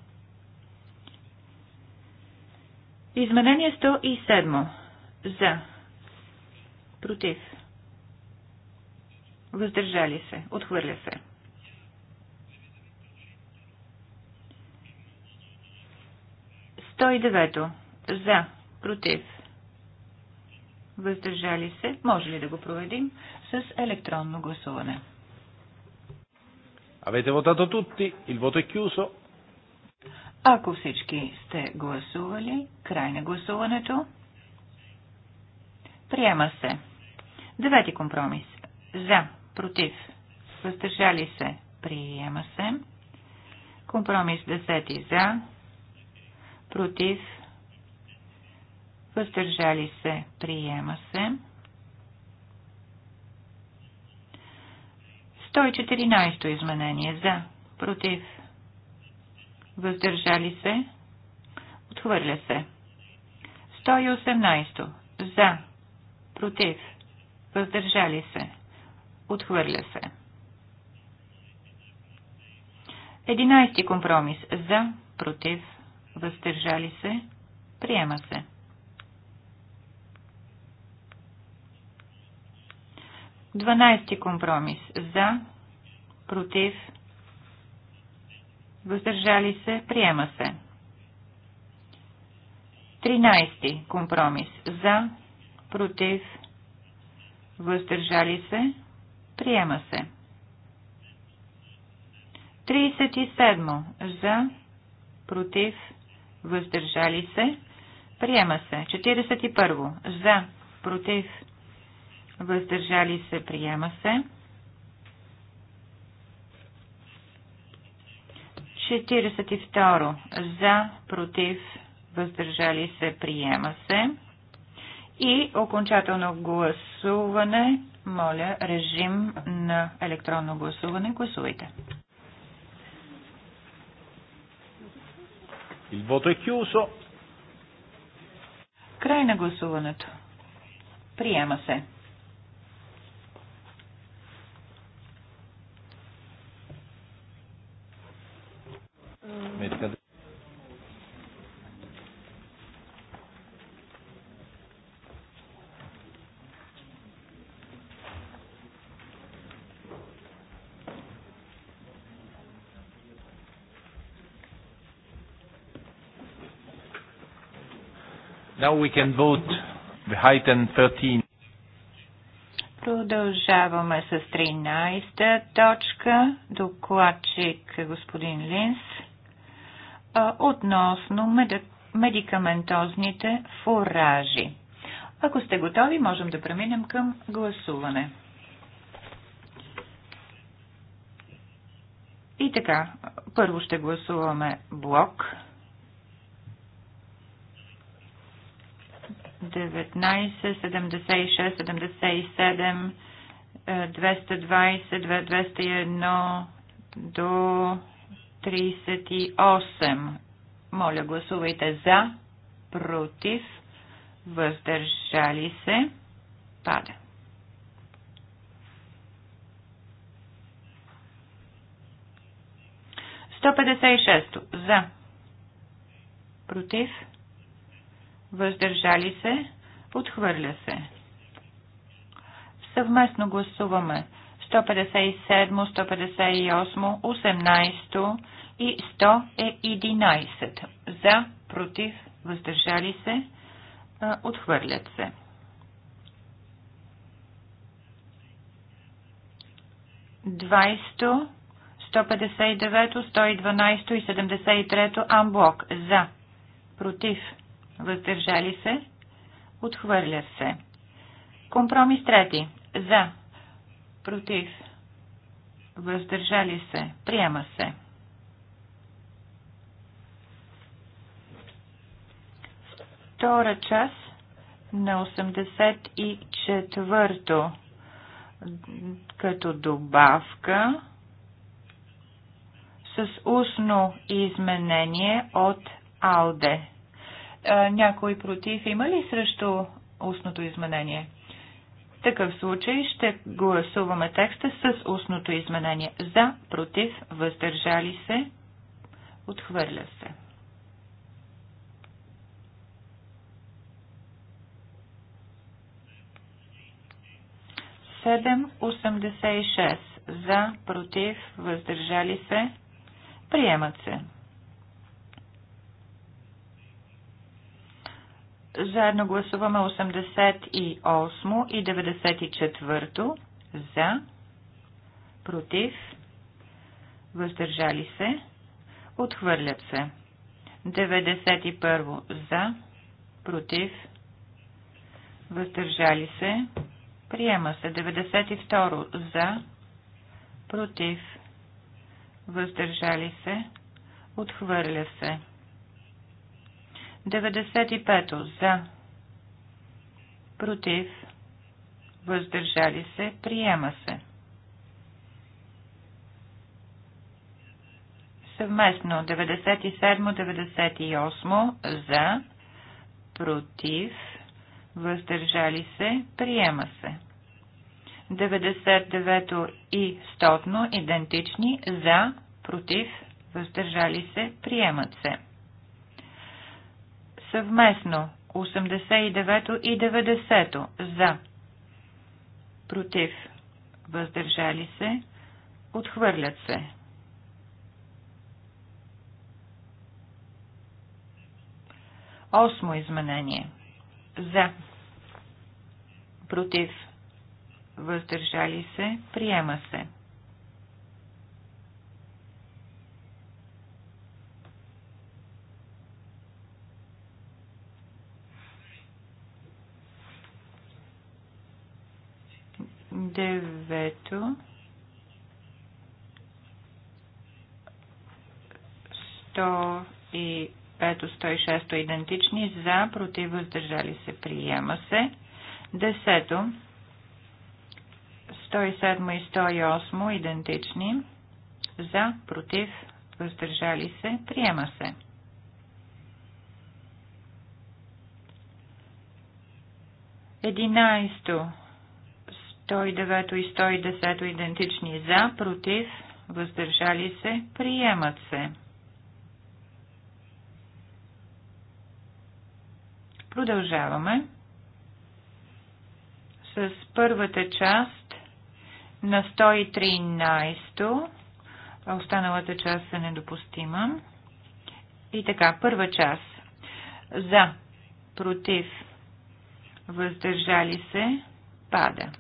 Изменение 107. За. Против. Въздържали се. Отхвърля се. 109. За. Против. Въздържали се. Може ли да го проведим с електронно гласуване? Avete votato tutti? Il voto è chiuso. Ако всички сте гласували, край на гласуването. Приема се. Девети компромис. За. Против. Въздържали се. Приема се. Компромис 10 за против, въздържали се, приема се. 114 изменение за, против, въздържали се, отхвърля се. 118 за, против, въздържали се, отхвърля се. 11 компромис за, против, въздържали се, приема се. Дванайсти компромис. За, против, въздържали се, приема се. Тринайсти компромис. За, против, въздържали се, приема се. 37. За, против, въздържали се, приема се. 41. За, против, въздържали се, приема се. 42. За, против, въздържали се, приема се. И окончателно гласуване. Моля, режим на електронно гласуване. Гласувайте. Il voto е chiuso. Край на гласуването. Приема се. Метка Now we can vote the item 13. Продължаваме с 13-та точка, докладчик е господин Линс, относно медикаментозните фуражи. Ако сте готови, можем да преминем към гласуване. И така, първо ще гласуваме блок 76, 77, 220, 201 до 38. Моля, гласувайте за, против, въздържали се, пада. Сто пятьдесят и шесто. За. Против въздържали се, отхвърля се. Съвместно гласуваме 157, 158, 18 и 111 за, против, въздържали се, отхвърлят се. Двайсто, 159, 112 и 73 амблок за, против, въздържали се, отхвърля се. Компромис трети. За, против, въздържали се, приема се. Втора част на 84-то като добавка с устно изменение от Алде някой против има ли срещу устното изменение? В такъв случай ще гласуваме текста с устното изменение. За, против, въздържали се, отхвърля се. Седем, за, против, въздържали се, приемат се. Заедно гласуваме 88 и 94 за, против, въздържали се, отхвърлят се. 91 за, против, въздържали се, приема се. 92 за, против, въздържали се, отхвърля се. 95 за, против, въздържали се, приема се. Съвместно 97-98 за, против, въздържали се, приема се. 99 и 100 идентични за, против, въздържали се, приемат се. Съвместно 89 и 90 за. Против. Въздържали се. Отхвърлят се. Осмо изменение. За. Против. Въздържали се. Приема се. Девето. 105 и 106 идентични. За, против, въздържали се. Приема се. Десето. 107 и 108 идентични. За, против, въздържали се. Приема се. Единайсто 109 и 110 идентични за, против, въздържали се, приемат се. Продължаваме с първата част на 113, а останалата част е недопустима. И така, първа част за, против, въздържали се, пада.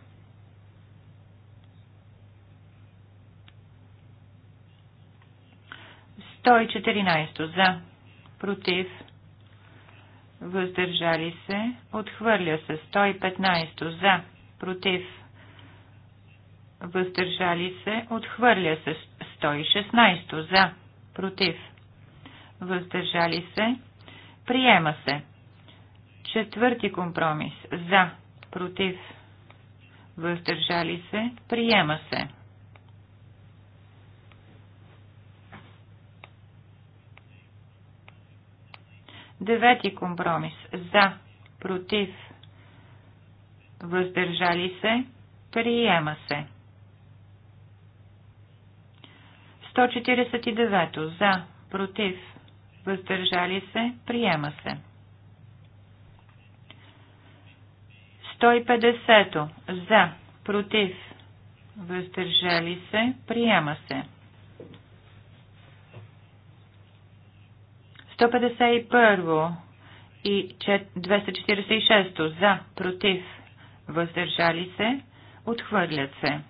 114 за, против, въздържали се, отхвърля се 115 за, против, въздържали се, отхвърля се 116 за, против, въздържали се, приема се. Четвърти компромис за, против, въздържали се, приема се. Девети компромис. За. Против. Въздържали се. Приема се. 149. За. Против. Въздържали се. Приема се. 150. За. Против. Въздържали се. Приема се. 151 и 246 за, против, въздържали се, отхвърлят се.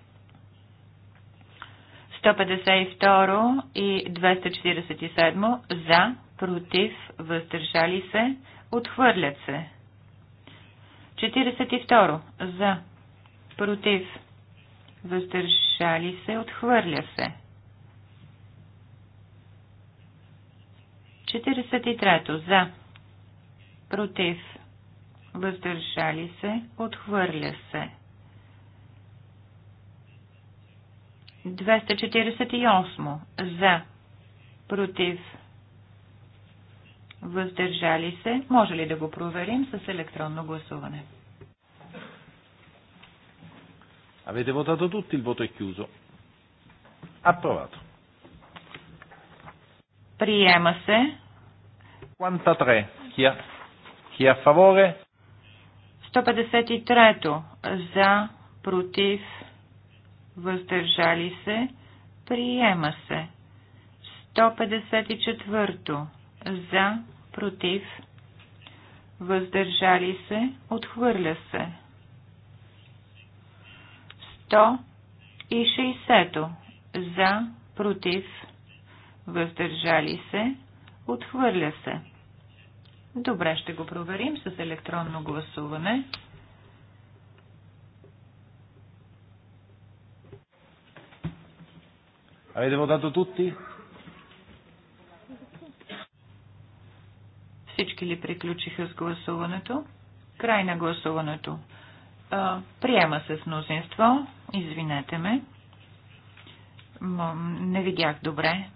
152 и 247 за, против, въздържали се, отхвърлят се. 42 за, против, въздържали се, отхвърля се. 43. За. Против. Въздържали се. Отхвърля се. 248. За. Против. Въздържали се. Може ли да го проверим с електронно гласуване? Avete votato tutti, il voto è chiuso. Approvato. Приема се. 153. Хия. Хия фаворе. 153. За, против, въздържали се. Приема се. 154. За, против, въздържали се, отхвърля се. 160. За, против, въздържали се въздържали се, отхвърля се. Добре, ще го проверим с електронно гласуване. Айде, votato тути. Всички ли приключиха с гласуването? Край на гласуването. А, приема се с мнозинство. Извинете ме. Не видях добре.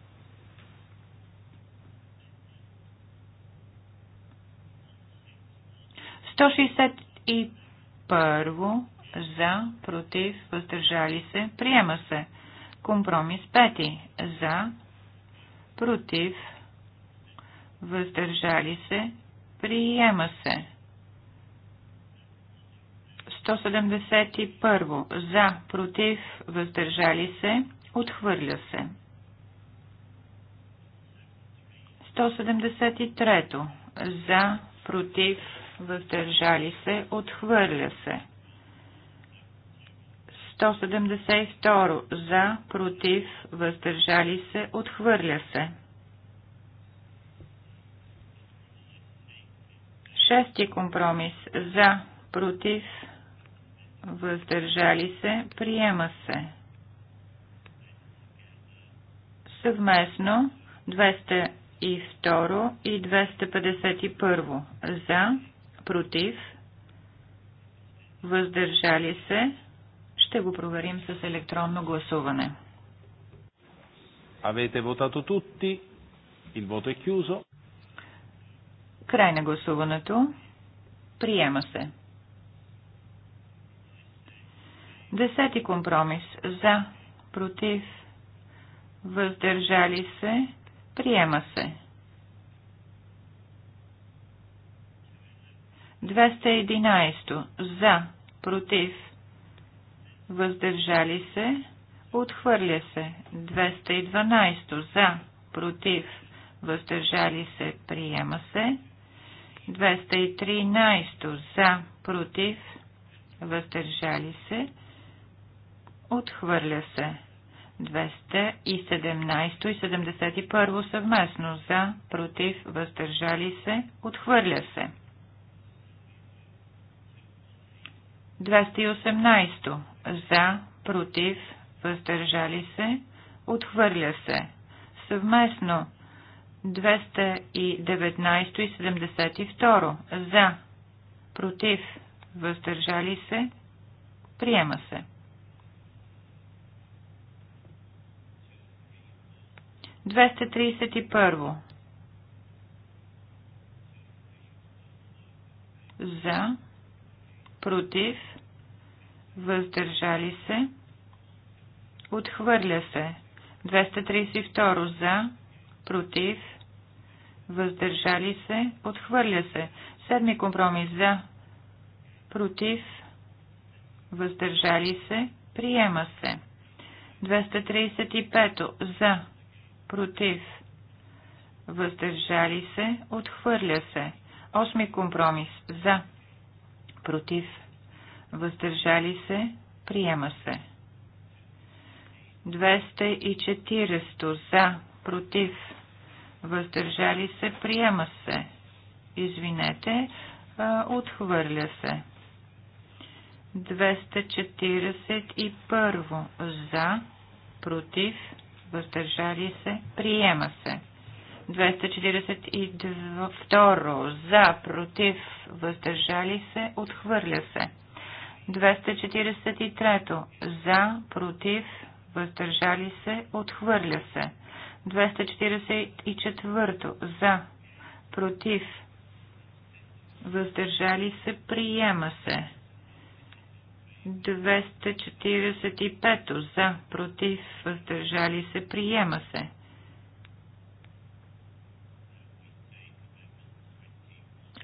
161 за, против, въздържали се, приема се. Компромис 5 за, против, въздържали се, приема се. 171 за, против, въздържали се, отхвърля се. 173 за, против, въздържали се, отхвърля се. 172. За, против, въздържали се, отхвърля се. Шести компромис. За, против, въздържали се, приема се. Съвместно 202 и 251. За, против, въздържали се, ще го проверим с електронно гласуване. Авете вотато тутти, Il voto е chiuso. Край на гласуването. Приема се. Десети компромис. За, против, въздържали се, приема се. 211. За. Против. Въздържали се. Отхвърля се. 212. За. Против. Въздържали се. Приема се. 213. За. Против. Въздържали се. Отхвърля се. 217 и 71 съвместно. За. Против. Въздържали се. Отхвърля се. 218. За, против, въздържали се, отхвърля се. Съвместно 219 и 72. За, против, въздържали се, приема се. 231. За, против, въздържали се, отхвърля се. 232 за, против, въздържали се, отхвърля се. Седми компромис за, против, въздържали се, приема се. 235 за, против, въздържали се, отхвърля се. Осми компромис за, против, въздържали се, приема се. 240 за, против, въздържали се, приема се. Извинете, отхвърля се. 241 за, против, въздържали се, приема се. 242 за, против, въздържали се, отхвърля се. 243 за, против, въздържали се, отхвърля се. 244 за, против, въздържали се, приема се. 245 за, против, въздържали се, приема се.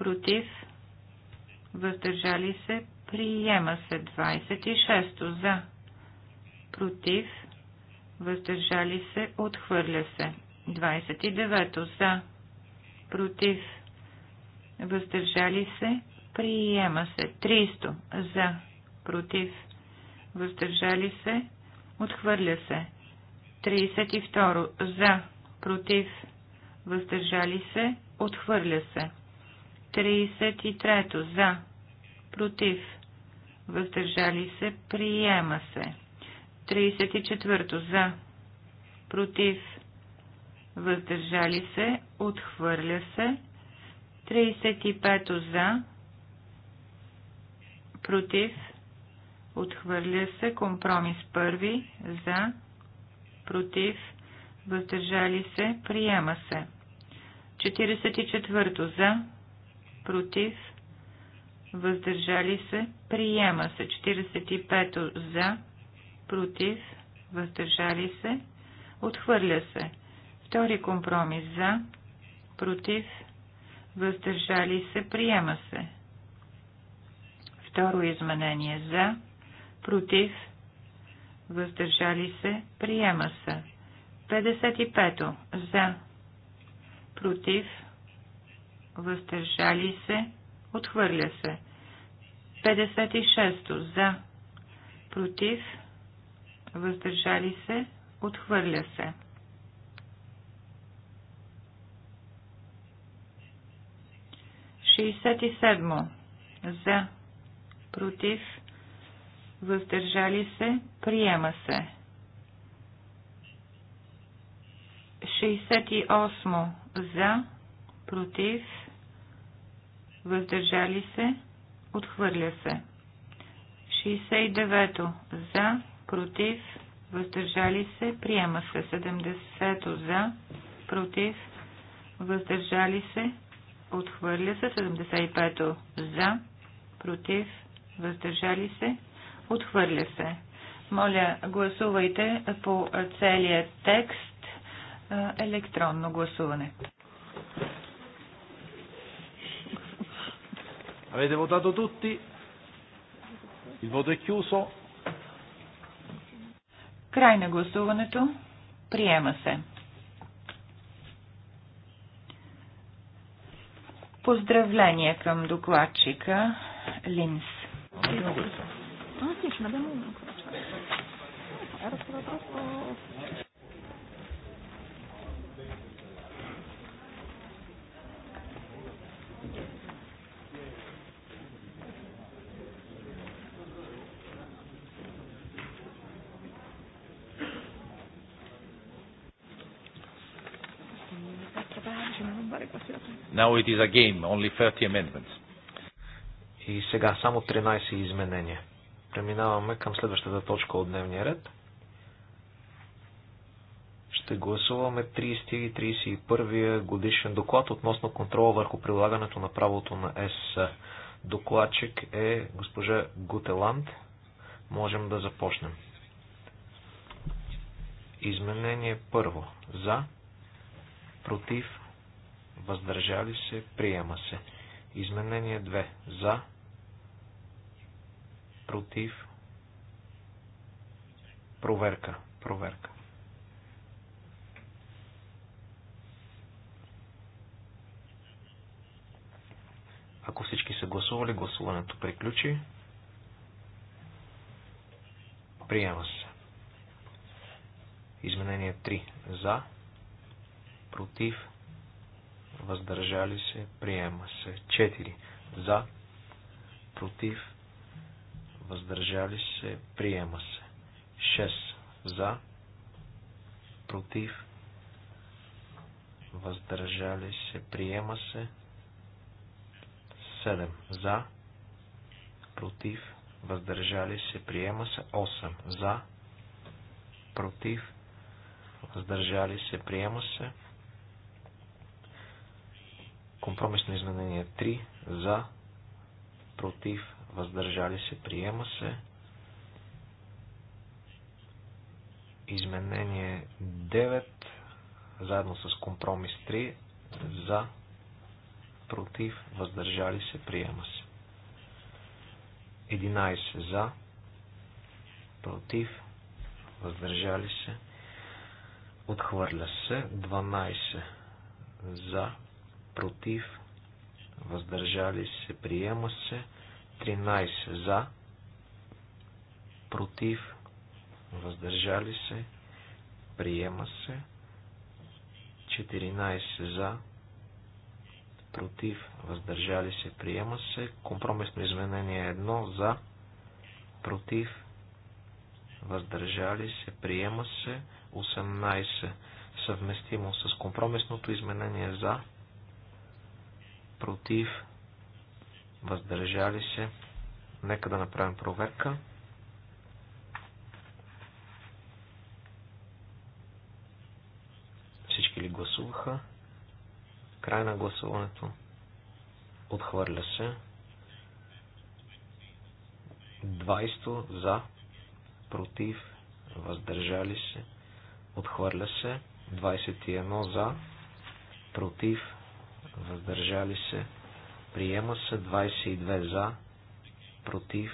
против, въздържали се, приема се 26 за, против, въздържали се, отхвърля се 29 за, против, въздържали се, приема се 300 за, против, въздържали се, отхвърля се 32 за, против, въздържали се, отхвърля се 33 за, против, въздържали се, приема се. 34 за, против, въздържали се, отхвърля се. 35 за, против, отхвърля се, компромис първи, за, против, въздържали се, приема се. 44 за, против, въздържали се, приема се. 45 за, против, въздържали се, отхвърля се. Втори компромис за, против, въздържали се, приема се. Второ изменение за, против, въздържали се, приема се. 55 за, против, въздържали се, отхвърля се. 56. За, против, въздържали се, отхвърля се. Шестдесет и седмо. За, против, въздържали се, приема се. 68 за, против, въздържали се, отхвърля се. 69 за, против, въздържали се, приема се. 70 за, против, въздържали се, отхвърля се. 75 за, против, въздържали се, отхвърля се. Моля, гласувайте по целия текст електронно гласуване. Avete votato tutti? Il voto è chiuso. Край на гласуването. Приема се. Поздравление към докладчика Линс. Now it is again only 30 amendments. И сега само 13 изменения. Преминаваме към следващата точка от дневния ред. Ще гласуваме 30 и 31 годишен доклад относно контрола върху прилагането на правото на ЕС. Докладчик е госпожа Гутеланд. Можем да започнем. Изменение първо. За. Против въздържали се, приема се. Изменение 2. За, против, проверка, проверка. Ако всички са гласували, гласуването приключи. Приема се. Изменение 3. За, против, въздържали се, приема се. 4. За, против, въздържали се, приема се. 6. За, против, въздържали се, приема се. 7. За, против, въздържали се, приема се. 8. За, против, въздържали се, приема се на изменение 3 за, против, въздържали се, приема се. Изменение 9 заедно с компромис 3 за, против, въздържали се, приема се. 11 за, против, въздържали се, отхвърля се, 12 за, против, въздържали се, приема се. 13 за, против, въздържали се, приема се. 14 за, против, въздържали се, приема се. Компромисно изменение 1 за, против, въздържали се, приема се. 18 съвместимо с компромисното изменение за, против, въздържали се. Нека да направим проверка. Всички ли гласуваха? Край на гласуването. Отхвърля се. 20 за, против, въздържали се. Отхвърля се. 21 за, против, въздържали се, приема се 22 за, против,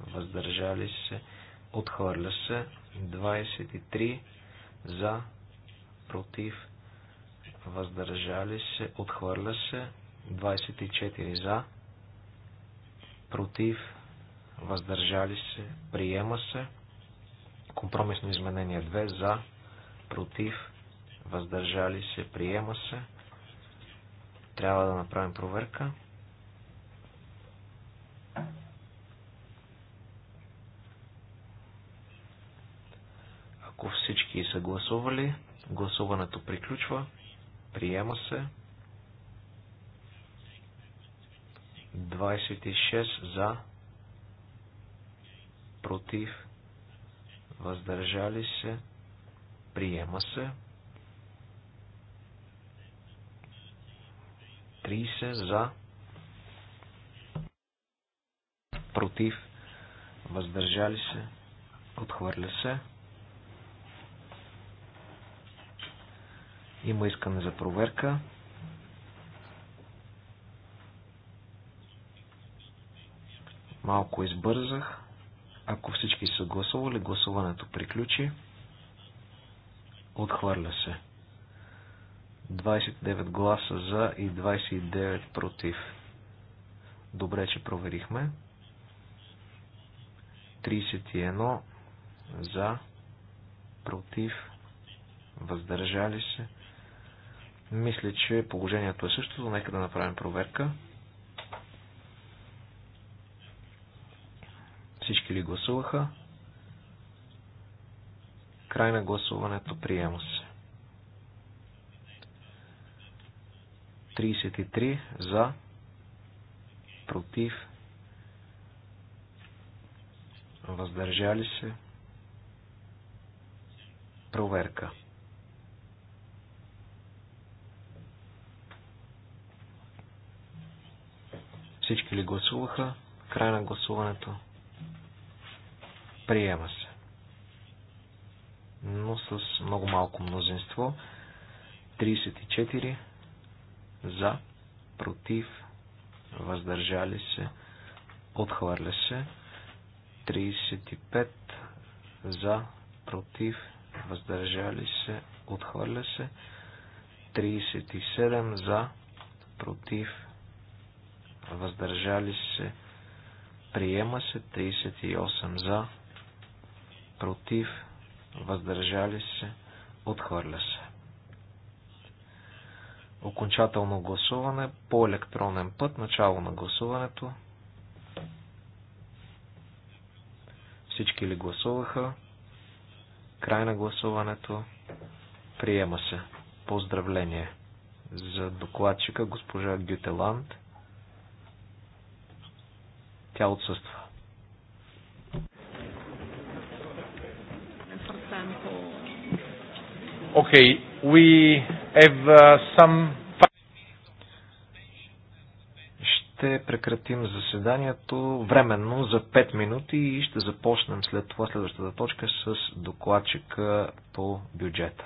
въздържали се, отхвърля се 23 за, против, въздържали се, отхвърля се 24 за, против, въздържали се, приема се компромисно изменение 2 за, против, въздържали се, приема се трябва да направим проверка. Ако всички са гласували, гласуването приключва. Приема се. 26 за, против, въздържали се, приема се. 30 за, против, въздържали се, отхвърля се. Има искане за проверка. Малко избързах. Ако всички са гласували, гласуването приключи. Отхвърля се. 29 гласа за и 29 против. Добре, че проверихме. 31 за, против, въздържали се. Мисля, че положението е същото. Нека да направим проверка. Всички ли гласуваха? Край на гласуването приема се. 33 за, против, въздържали се, проверка. Всички ли гласуваха? Край на гласуването. Приема се. Но с много малко мнозинство. 34 за, против, въздържали се, отхвърля се. 35 за, против, въздържали се, отхвърля се. 37 за, против, въздържали се, приема се. 38 за, против, въздържали се, отхвърля се. Окончателно гласуване по електронен път. Начало на гласуването. Всички ли гласуваха? Край на гласуването. Приема се. Поздравление за докладчика госпожа Гютеланд. Тя отсъства. Okay, we have uh, some... Ще прекратим заседанието временно за 5 минути и ще започнем след това следващата точка с докладчика по бюджета.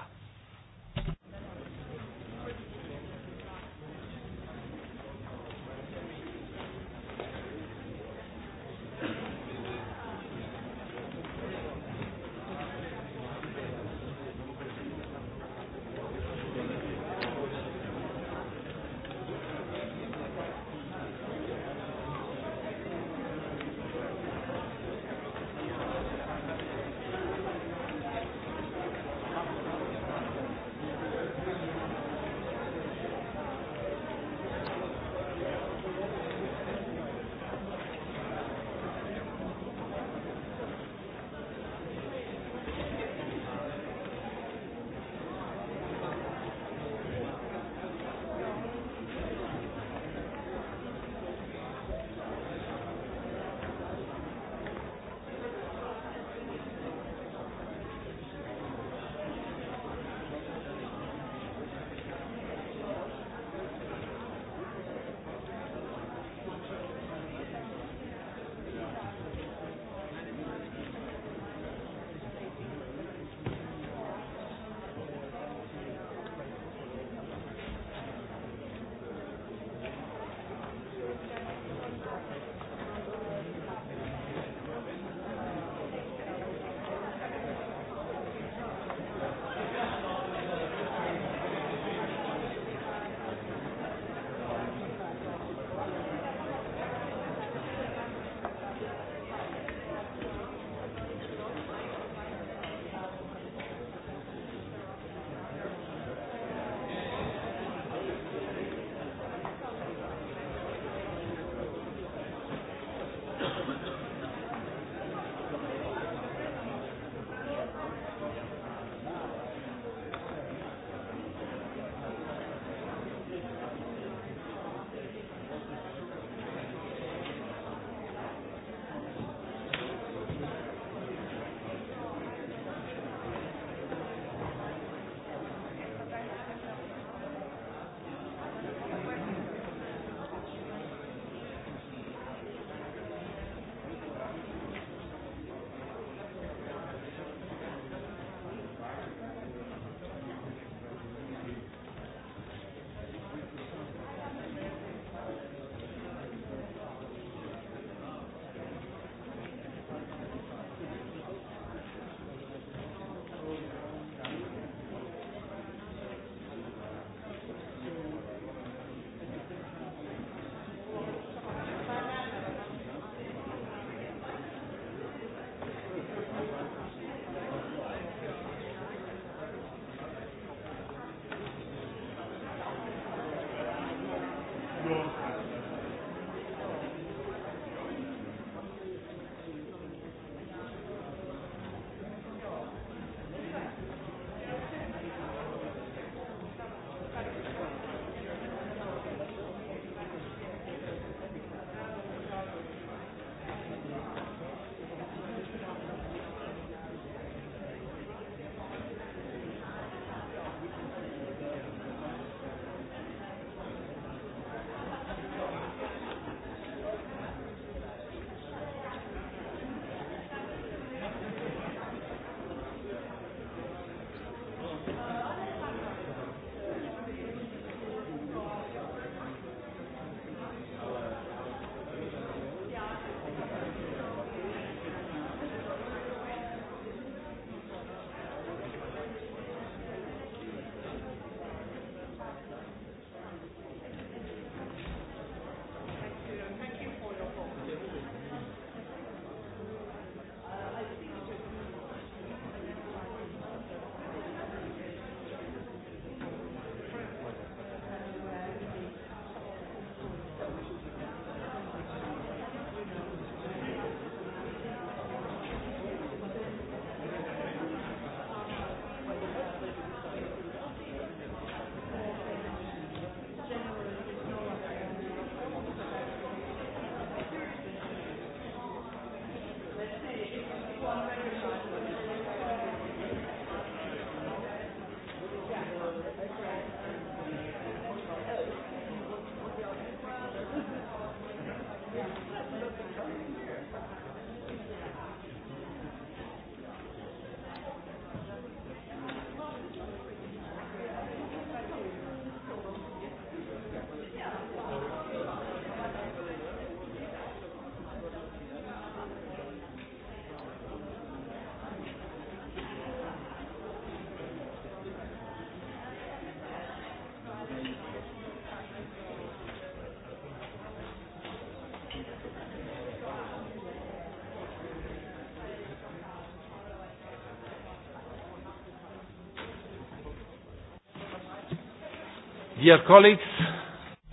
Dear colleagues,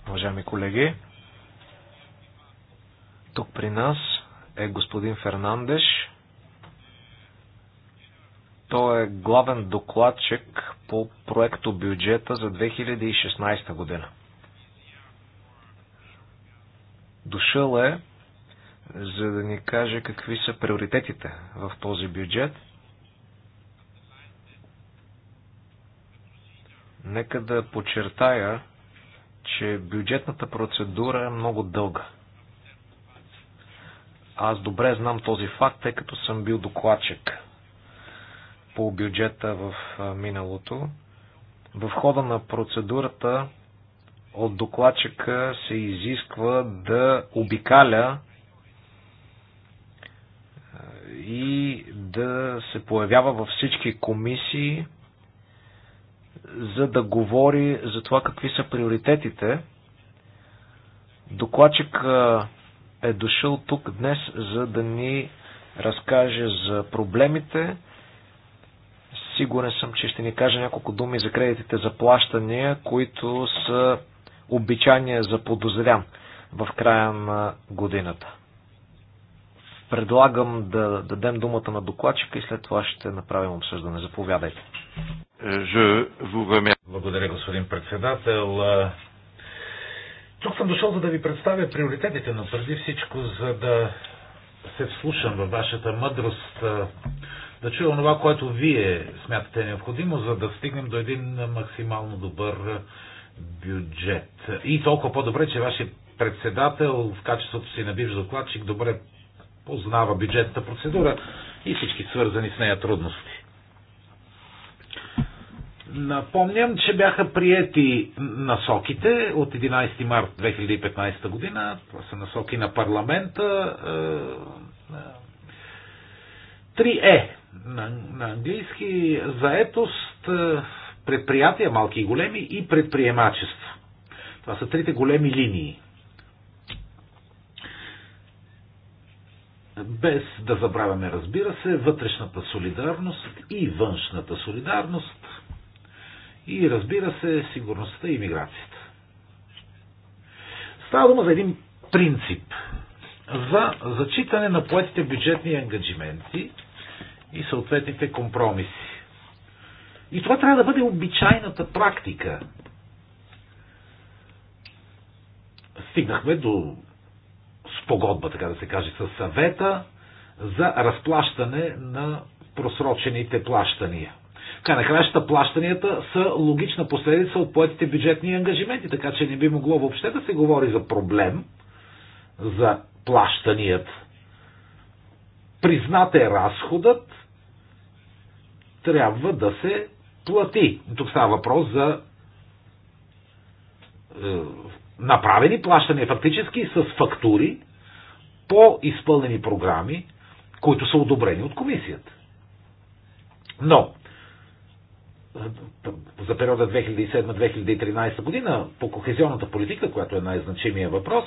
уважаеми колеги, тук при нас е господин Фернандеш. Той е главен докладчик по проекто бюджета за 2016 година. Дошъл е, за да ни каже какви са приоритетите в този бюджет – Нека да подчертая, че бюджетната процедура е много дълга. Аз добре знам този факт, тъй като съм бил докладчик по бюджета в миналото. В хода на процедурата от докладчика се изисква да обикаля и да се появява във всички комисии, за да говори за това какви са приоритетите. Докладчик е дошъл тук днес, за да ни разкаже за проблемите. Сигурен съм, че ще ни каже няколко думи за кредитите за плащания, които са обичания за подозрян в края на годината. Предлагам да дадем думата на докладчика и след това ще направим обсъждане. Заповядайте. Благодаря, господин председател. Тук съм дошъл, за да ви представя приоритетите, но преди всичко, за да се вслушам във вашата мъдрост, да чуя това, което вие смятате необходимо, за да стигнем до един максимално добър бюджет. И толкова по-добре, че вашия председател в качеството си на бивш докладчик добре познава бюджетната процедура и всички свързани с нея трудности. Напомням, че бяха приети насоките от 11 март 2015 година. Това са насоки на парламента. 3Е е, е на, на английски заетост, е, предприятия, малки и големи, и предприемачество. Това са трите големи линии. Без да забравяме, разбира се, вътрешната солидарност и външната солидарност – и разбира се сигурността и миграцията. Става дума за един принцип за зачитане на поетите бюджетни ангажименти и съответните компромиси. И това трябва да бъде обичайната практика. Стигнахме до спогодба, така да се каже, със съвета за разплащане на просрочените плащания край на плащанията са логична последица от поетите бюджетни ангажименти, така че не би могло въобще да се говори за проблем, за плащанията. Признат е разходът, трябва да се плати. Тук става въпрос за е, направени плащания фактически с фактури по изпълнени програми, които са одобрени от комисията. Но за периода 2007-2013 година по кохезионната политика, която е най-значимия въпрос,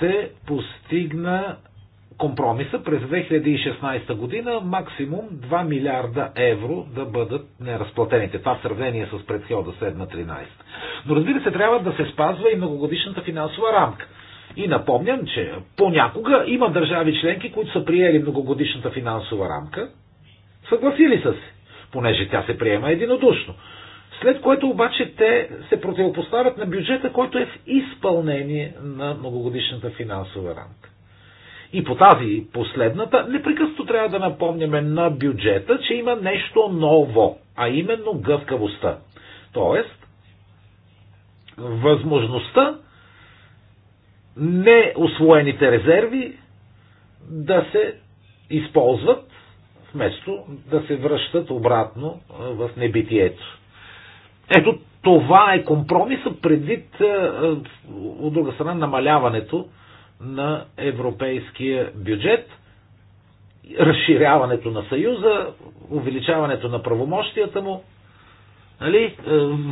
се постигна компромиса през 2016 година максимум 2 милиарда евро да бъдат неразплатените. Това в сравнение с предхода 7-13. Но разбира се, трябва да се спазва и многогодишната финансова рамка. И напомням, че понякога има държави членки, които са приели многогодишната финансова рамка, съгласили са се понеже тя се приема единодушно. След което обаче те се противопоставят на бюджета, който е в изпълнение на многогодишната финансова рамка. И по тази последната, непрекъсто трябва да напомняме на бюджета, че има нещо ново, а именно гъвкавостта. Тоест, възможността неосвоените резерви да се използват вместо да се връщат обратно в небитието. Ето това е компромиса предвид, от друга страна, намаляването на европейския бюджет, разширяването на Съюза, увеличаването на правомощията му, Нали?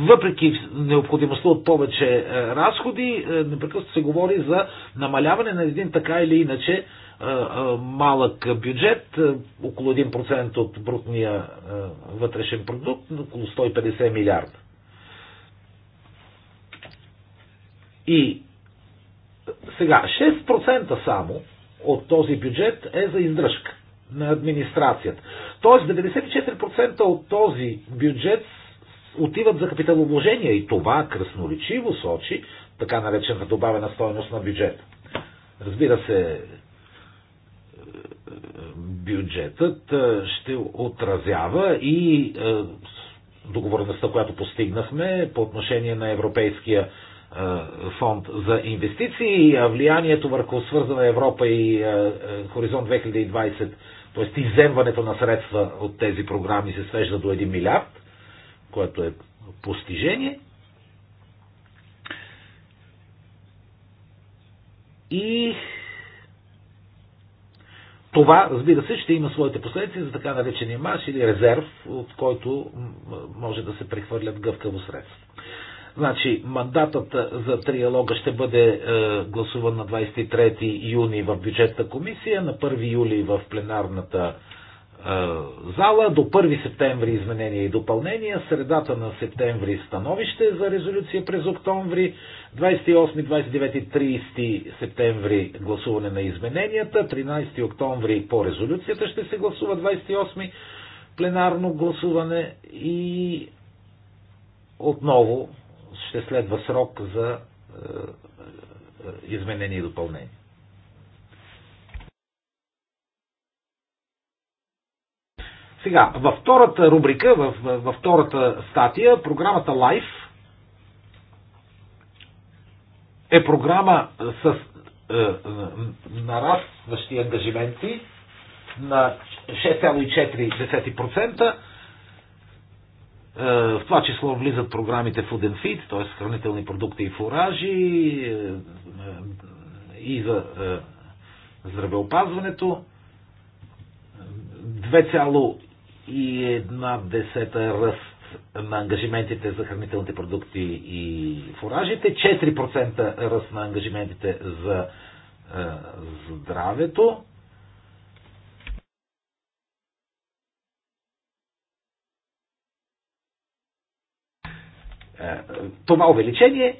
Въпреки необходимостта от повече разходи, непрекъснато се говори за намаляване на един така или иначе малък бюджет, около 1% от брутния вътрешен продукт, около 150 милиарда. И сега, 6% само от този бюджет е за издръжка на администрацията. Тоест 94% от този бюджет отиват за капиталовложения и това красноречиво сочи така наречена добавена стоеност на бюджета. Разбира се, бюджетът ще отразява и договорността, която постигнахме по отношение на Европейския фонд за инвестиции, влиянието върху свързана Европа и Хоризонт 2020, т.е. иземването на средства от тези програми се свежда до 1 милиард, което е постижение. И това, разбира се, ще има своите последици за така наречения маш или резерв, от който може да се прехвърлят гъвкаво средства. Значи, мандатът за триалога ще бъде е, гласуван на 23 юни в бюджетна комисия, на 1 юли в пленарната е, зала. До 1 септември изменения и допълнения. Средата на септември становище за резолюция през октомври. 28, 29 и 30 септември гласуване на измененията. 13 октомври по резолюцията ще се гласува. 28 пленарно гласуване и отново ще следва срок за е, е, изменение и допълнение. Сега, във втората рубрика, във, във втората статия, програмата LIFE е програма с е, е, нарастващи ангажименти на 6,4%. Е, в това число влизат програмите Food and Feed, т.е. хранителни продукти и фуражи, е, е, и за здравеопазването. 2,1 и една десета ръст на ангажиментите за хранителните продукти и фуражите, 4% ръст на ангажиментите за е, здравето. Е, това увеличение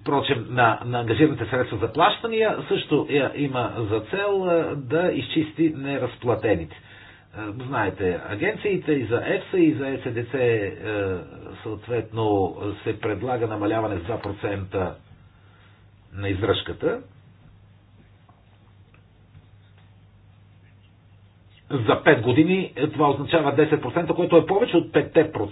Впрочем, на, на ангажираните средства за плащания също е, има за цел е, да изчисти неразплатените. Е, знаете, агенциите и за ЕФСА и за ЕСДЦ е, съответно се предлага намаляване с 2% на издръжката. За 5 години е, това означава 10%, което е повече от 5%,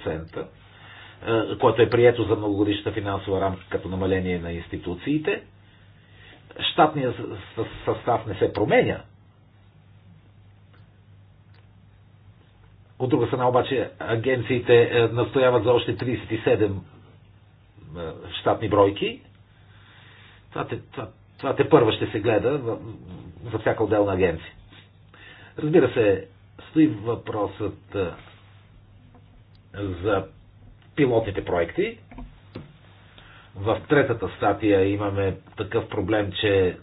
което е прието за многогодишната финансова рамка като намаление на институциите. Штатният състав не се променя, От друга страна обаче агенциите е, настояват за още 37 е, щатни бройки. Това те, това, това те първа ще се гледа за всяка отделна агенция. Разбира се, стои въпросът е, за пилотните проекти. В третата статия имаме такъв проблем, че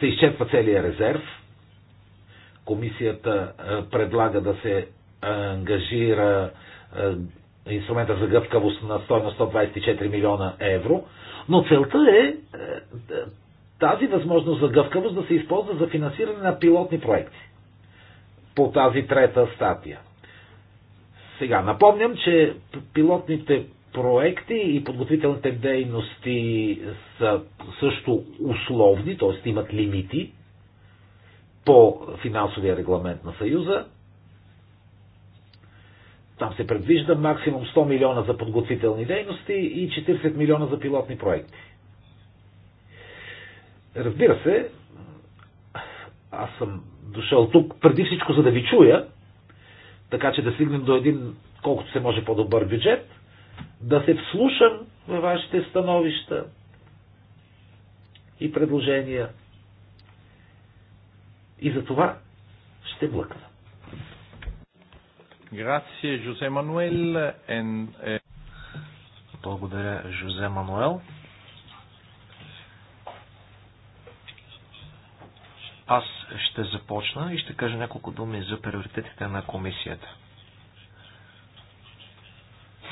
се изчерпва целият резерв – Комисията е, предлага да се е, ангажира е, инструмента за гъвкавост на стойност 124 милиона евро, но целта е тази възможност за гъвкавост да се използва за финансиране на пилотни проекти по тази трета статия. Сега, напомням, че пилотните проекти и подготвителните дейности са също условни, т.е. имат лимити, по финансовия регламент на Съюза. Там се предвижда максимум 100 милиона за подготвителни дейности и 40 милиона за пилотни проекти. Разбира се, аз съм дошъл тук преди всичко за да ви чуя, така че да стигнем до един колкото се може по-добър бюджет, да се вслушам във вашите становища и предложения, и за това ще блъкна. Грация, Жозе Мануел. Е. Благодаря, Жозе Мануел. Аз ще започна и ще кажа няколко думи за приоритетите на комисията.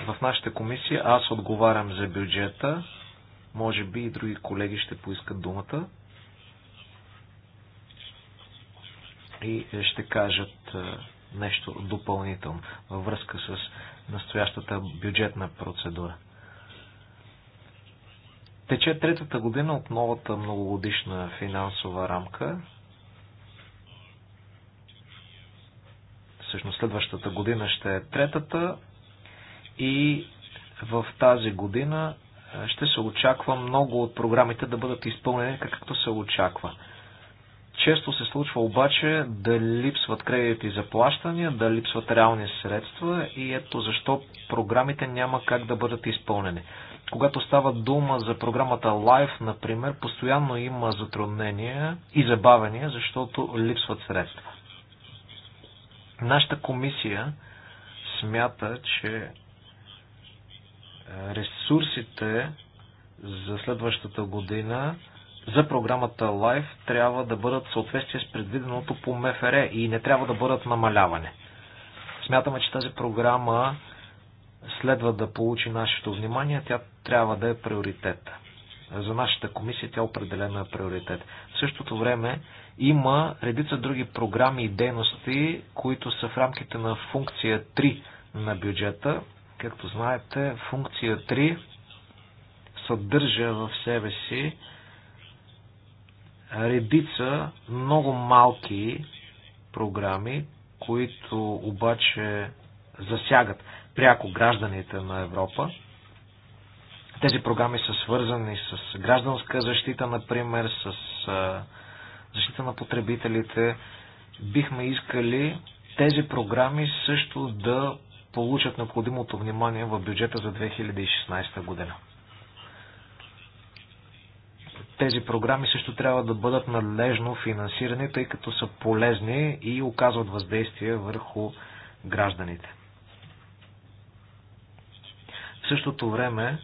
В нашата комисия аз отговарям за бюджета. Може би и други колеги ще поискат думата. и ще кажат е, нещо допълнително във връзка с настоящата бюджетна процедура. Тече третата година от новата многогодишна финансова рамка. Всъщност следващата година ще е третата и в тази година е, ще се очаква много от програмите да бъдат изпълнени както се очаква. Често се случва обаче да липсват кредити за плащания, да липсват реални средства и ето защо програмите няма как да бъдат изпълнени. Когато става дума за програмата Life, например, постоянно има затруднения и забавения, защото липсват средства. Нашата комисия смята, че е, ресурсите за следващата година за програмата ЛАЙФ трябва да бъдат в съответствие с предвиденото по МФР и не трябва да бъдат намаляване. Смятаме, че тази програма следва да получи нашето внимание, тя трябва да е приоритет. За нашата комисия тя определено е приоритет. В същото време има редица други програми и дейности, които са в рамките на функция 3 на бюджета. Както знаете, функция 3 съдържа в себе си редица много малки програми, които обаче засягат пряко гражданите на Европа. Тези програми са свързани с гражданска защита, например, с защита на потребителите. Бихме искали тези програми също да получат необходимото внимание в бюджета за 2016 година. Тези програми също трябва да бъдат надлежно финансирани, тъй като са полезни и оказват въздействие върху гражданите. В същото време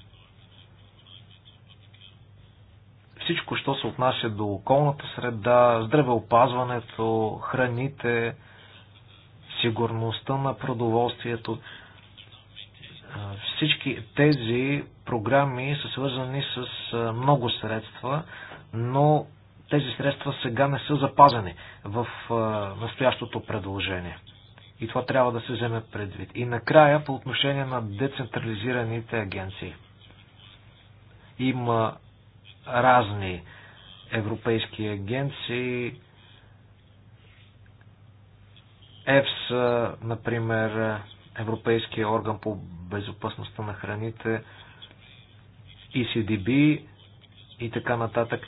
всичко, що се отнася до околната среда, здравеопазването, храните, сигурността на продоволствието, всички тези програми са свързани с много средства, но тези средства сега не са запазени в настоящото предложение. И това трябва да се вземе предвид. И накрая, по отношение на децентрализираните агенции. Има разни европейски агенции, ЕФС, например, Европейския орган по безопасността на храните, ECDB и така нататък.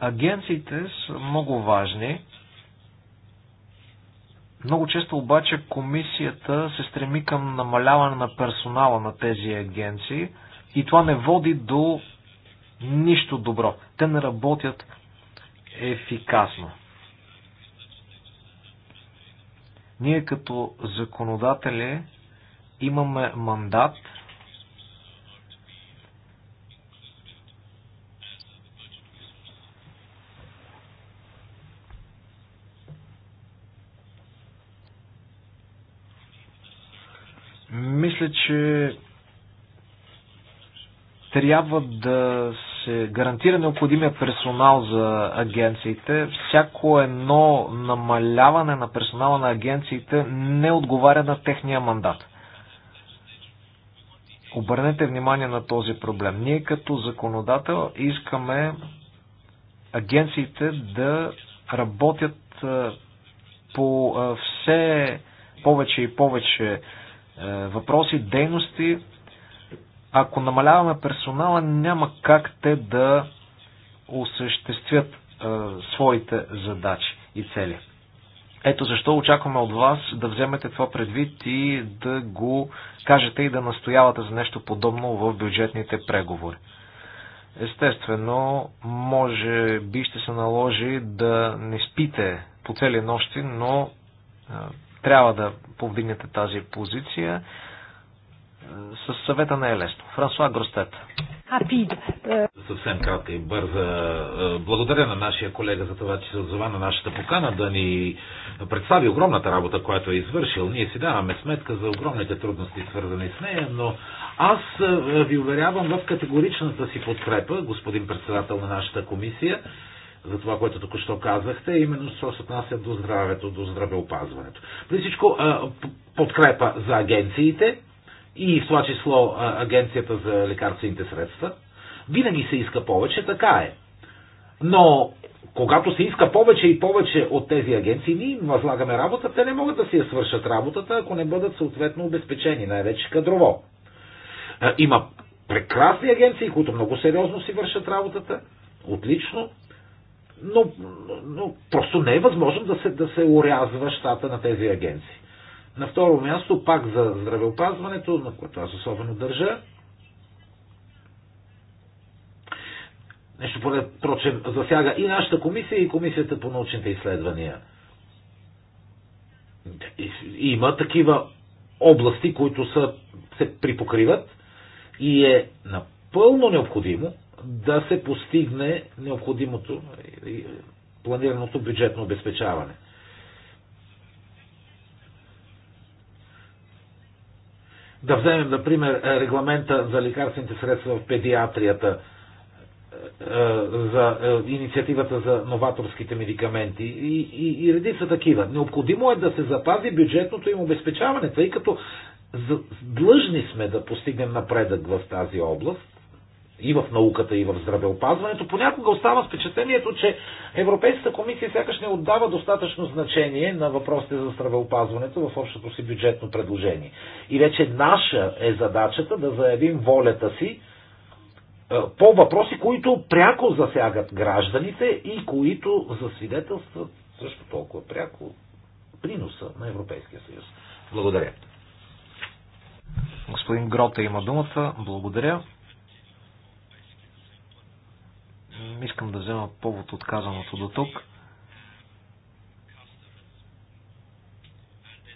Агенциите са много важни. Много често обаче комисията се стреми към намаляване на персонала на тези агенции и това не води до нищо добро. Те не работят ефикасно. Ние като законодатели имаме мандат – Мисля, че трябва да се гарантира необходимия персонал за агенциите. Всяко едно намаляване на персонала на агенциите не отговаря на техния мандат. Обърнете внимание на този проблем. Ние като законодател искаме агенциите да работят по все повече и повече е, въпроси, дейности. Ако намаляваме персонала, няма как те да осъществят е, своите задачи и цели. Ето защо очакваме от вас да вземете това предвид и да го кажете и да настоявате за нещо подобно в бюджетните преговори. Естествено, може би ще се наложи да не спите по цели нощи, но е, трябва да повдигнете тази позиция. Е, с съвета не е лесно. Франсуа Гростет. Съвсем кратка и бърза. Е, е, благодаря на нашия колега за това, че се отзова на нашата покана да ни представи огромната работа, която е извършил. Ние си даваме сметка за огромните трудности, свързани с нея, но аз ви уверявам в категоричната си подкрепа, господин председател на нашата комисия, за това, което току-що казахте, е именно що се отнася до здравето, до здравеопазването. При всичко подкрепа за агенциите и в това число агенцията за лекарствените средства. Винаги се иска повече, така е. Но когато се иска повече и повече от тези агенции, ние им възлагаме работа, те не могат да си я свършат работата, ако не бъдат съответно обезпечени, най-вече кадрово. Има прекрасни агенции, които много сериозно си вършат работата, отлично, но, но просто не е възможно да се, да се урязва щата на тези агенции. На второ място, пак за здравеопазването, на което аз особено държа, нещо поред, прочем, засяга и нашата комисия, и комисията по научните изследвания. Има такива области, които са, се припокриват и е напълно необходимо да се постигне необходимото планираното бюджетно обезпечаване. Да вземем, например, регламента за лекарствените средства в педиатрията, е, е, за е, инициативата за новаторските медикаменти и, и, и редица такива. Необходимо е да се запази бюджетното им обезпечаване, тъй като длъжни сме да постигнем напредък в тази област и в науката, и в здравеопазването, понякога остава впечатлението, че Европейската комисия сякаш не отдава достатъчно значение на въпросите за здравеопазването в общото си бюджетно предложение. И вече наша е задачата да заявим волята си е, по въпроси, които пряко засягат гражданите и които засвидетелстват също толкова пряко приноса на Европейския съюз. Благодаря. Господин Грота има думата. Благодаря. Искам да взема повод от казаното до тук.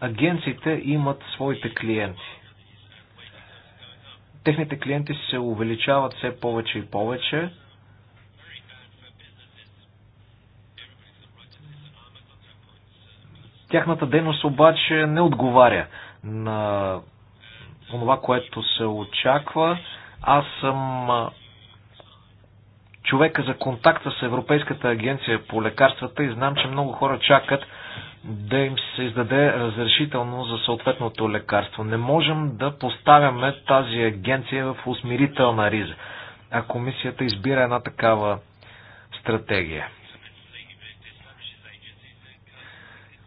Агенциите имат своите клиенти. Техните клиенти се увеличават все повече и повече. Тяхната дейност обаче не отговаря на това, което се очаква. Аз съм човека за контакта с Европейската агенция по лекарствата и знам, че много хора чакат да им се издаде разрешително за съответното лекарство. Не можем да поставяме тази агенция в усмирителна риза, а комисията избира една такава стратегия.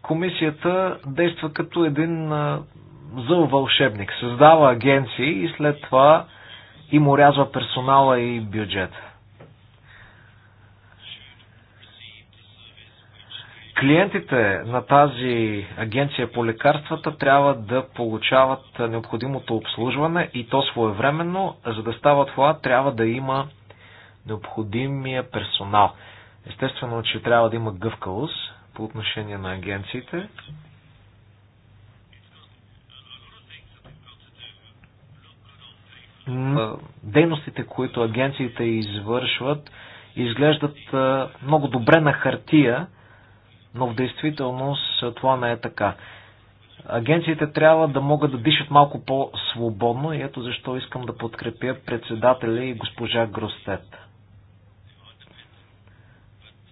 Комисията действа като един зъл вълшебник. Създава агенции и след това им урязва персонала и бюджета. Клиентите на тази агенция по лекарствата трябва да получават необходимото обслужване и то своевременно. За да става това, трябва да има необходимия персонал. Естествено, че трябва да има гъвкавост по отношение на агенциите. Дейностите, които агенциите извършват, изглеждат много добре на хартия, но в действителност това не е така. Агенциите трябва да могат да дишат малко по-свободно и ето защо искам да подкрепя председателя и госпожа Гростет.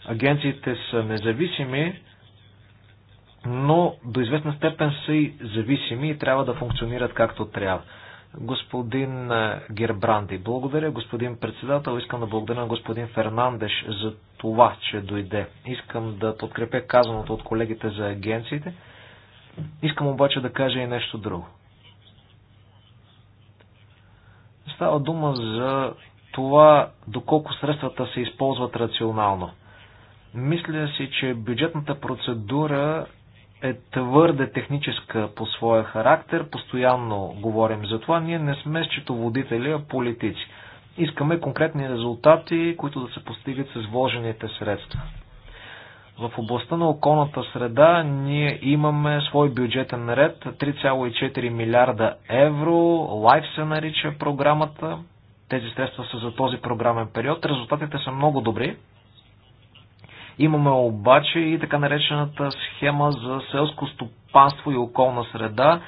Агенциите са независими, но до известна степен са и зависими и трябва да функционират както трябва. Господин Гербранди, благодаря. Господин председател, искам да благодаря на господин Фернандеш за това, че дойде. Искам да подкрепя казаното от колегите за агенциите. Искам обаче да кажа и нещо друго. Става дума за това, доколко средствата се използват рационално. Мисля си, че бюджетната процедура е твърде техническа по своя характер. Постоянно говорим за това. Ние не сме счетоводители, а политици. Искаме конкретни резултати, които да се постигат с вложените средства. В областта на околната среда ние имаме свой бюджетен ред 3,4 милиарда евро. Лайф се нарича програмата. Тези средства са за този програмен период. Резултатите са много добри. Имаме обаче и така наречената схема за селско стопанство и околна среда.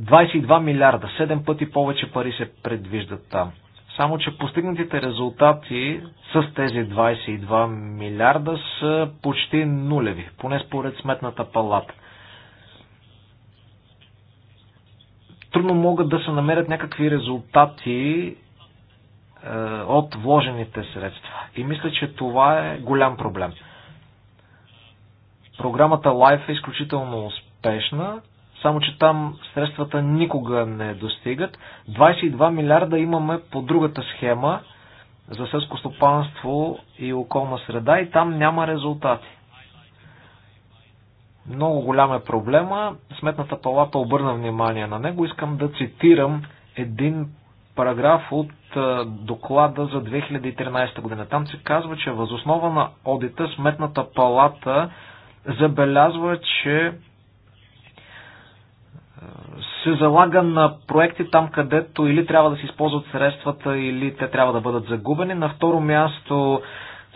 22 милиарда, 7 пъти повече пари се предвиждат там. Само, че постигнатите резултати с тези 22 милиарда са почти нулеви, поне според сметната палата. Трудно могат да се намерят някакви резултати е, от вложените средства. И мисля, че това е голям проблем. Програмата Life е изключително успешна, само че там средствата никога не достигат. 22 милиарда имаме по другата схема за сълско стопанство и околна среда и там няма резултати. Много голям е проблема. Сметната палата обърна внимание на него. Искам да цитирам един параграф от доклада за 2013 година. Там се казва, че възоснова на одита Сметната палата забелязва, че се залага на проекти там, където или трябва да се използват средствата, или те трябва да бъдат загубени. На второ място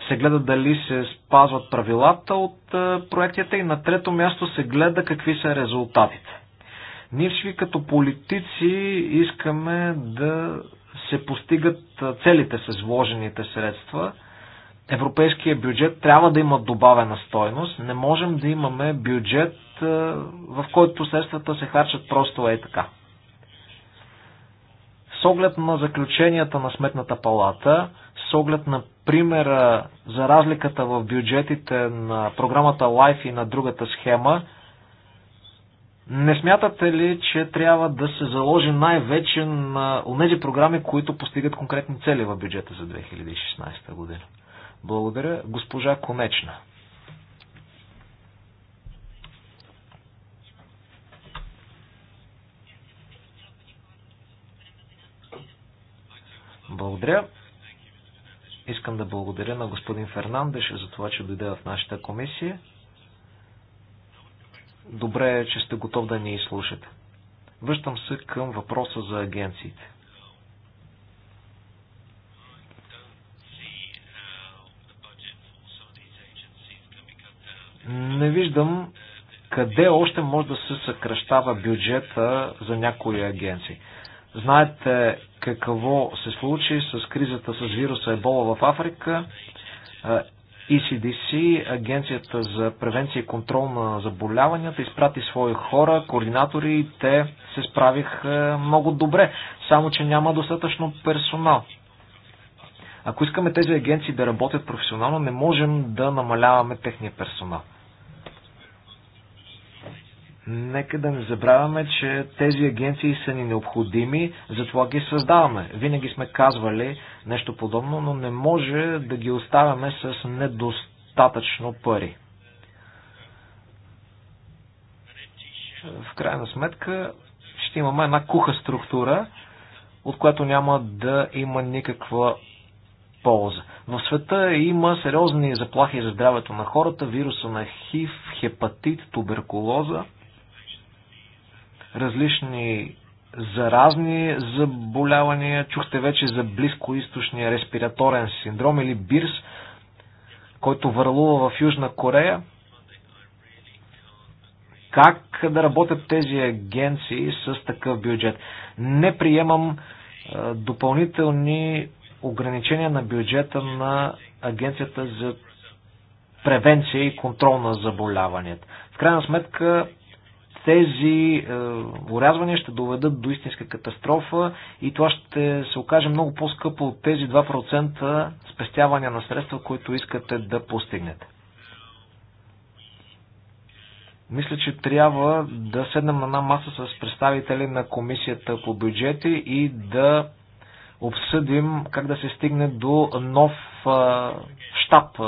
се гледа дали се спазват правилата от проектите и на трето място се гледа какви са резултатите. Ние всички като политици искаме да се постигат целите с вложените средства. Европейския бюджет трябва да има добавена стойност. Не можем да имаме бюджет, в който средствата се харчат просто е така. С оглед на заключенията на Сметната палата, с оглед на примера за разликата в бюджетите на програмата Life и на другата схема, не смятате ли, че трябва да се заложи най-вече на тези програми, които постигат конкретни цели в бюджета за 2016 година? Благодаря. Госпожа Конечна. Благодаря. Искам да благодаря на господин Фернандеш за това, че дойде в нашата комисия. Добре е, че сте готов да ни изслушате. Връщам се към въпроса за агенциите. Не виждам къде още може да се съкръщава бюджета за някои агенции. Знаете какво се случи с кризата с вируса Ебола в Африка. ECDC, Агенцията за превенция и контрол на заболяванията, изпрати свои хора, координатори и те се справиха много добре, само че няма достатъчно персонал. Ако искаме тези агенции да работят професионално, не можем да намаляваме техния персонал. Нека да не забравяме, че тези агенции са ни необходими, затова ги създаваме. Винаги сме казвали нещо подобно, но не може да ги оставяме с недостатъчно пари. В крайна сметка ще имаме една куха структура, от която няма да има никаква полза. В света има сериозни заплахи за здравето на хората, вируса на ХИВ, хепатит, туберкулоза – различни заразни заболявания. Чухте вече за близкоисточния респираторен синдром или БИРС, който върлува в Южна Корея. Как да работят тези агенции с такъв бюджет? Не приемам допълнителни ограничения на бюджета на Агенцията за превенция и контрол на заболяванията. В крайна сметка тези е, урязвания ще доведат до истинска катастрофа и това ще се окаже много по-скъпо от тези 2% спестявания на средства, които искате да постигнете. Мисля, че трябва да седнем на една маса с представители на комисията по бюджети и да обсъдим как да се стигне до нов е, штаб, е,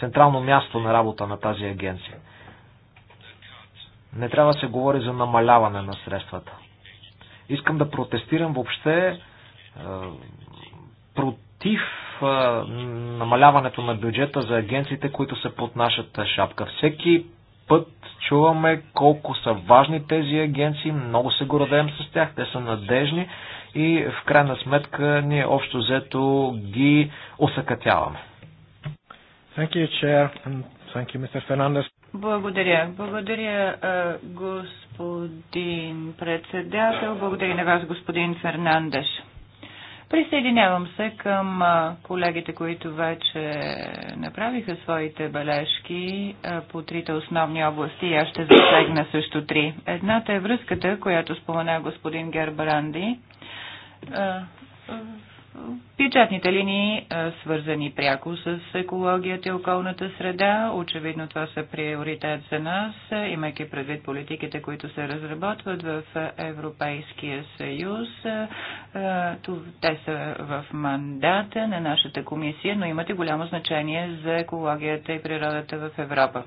централно място на работа на тази агенция. Не трябва да се говори за намаляване на средствата. Искам да протестирам въобще е, против е, намаляването на бюджета за агенциите, които са под нашата шапка. Всеки път чуваме колко са важни тези агенции, много се гордеем с тях, те са надежни и в крайна сметка ние общо взето ги осъкатяваме. Thank you, Chair, and thank you, Mr. Fernandez. Благодаря. Благодаря, господин председател. Благодаря на вас, господин Фернандеш. Присъединявам се към колегите, които вече направиха своите бележки по трите основни области и аз ще засегна също три. Едната е връзката, която спомена господин Гербаранди печатните линии, свързани пряко с екологията и околната среда, очевидно това са приоритет за нас, имайки предвид политиките, които се разработват в Европейския съюз. Те са в мандата на нашата комисия, но имат и голямо значение за екологията и природата в Европа.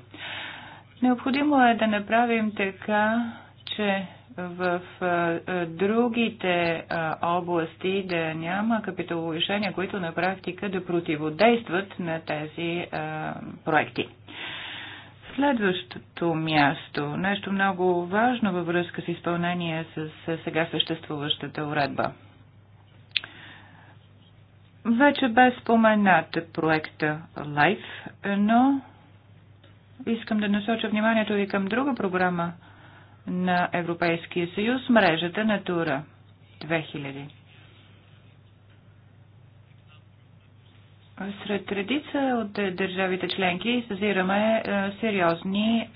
Необходимо е да направим така, че в другите области да няма капиталовишения, които на практика да противодействат на тези проекти. Следващото място, нещо много важно във връзка с изпълнение с сега съществуващата уредба. Вече бе споменат проекта LIFE, но искам да насоча вниманието ви към друга програма – на Европейския съюз, мрежата на Тура 2000. Сред редица от държавите членки съзираме е, сериозни е,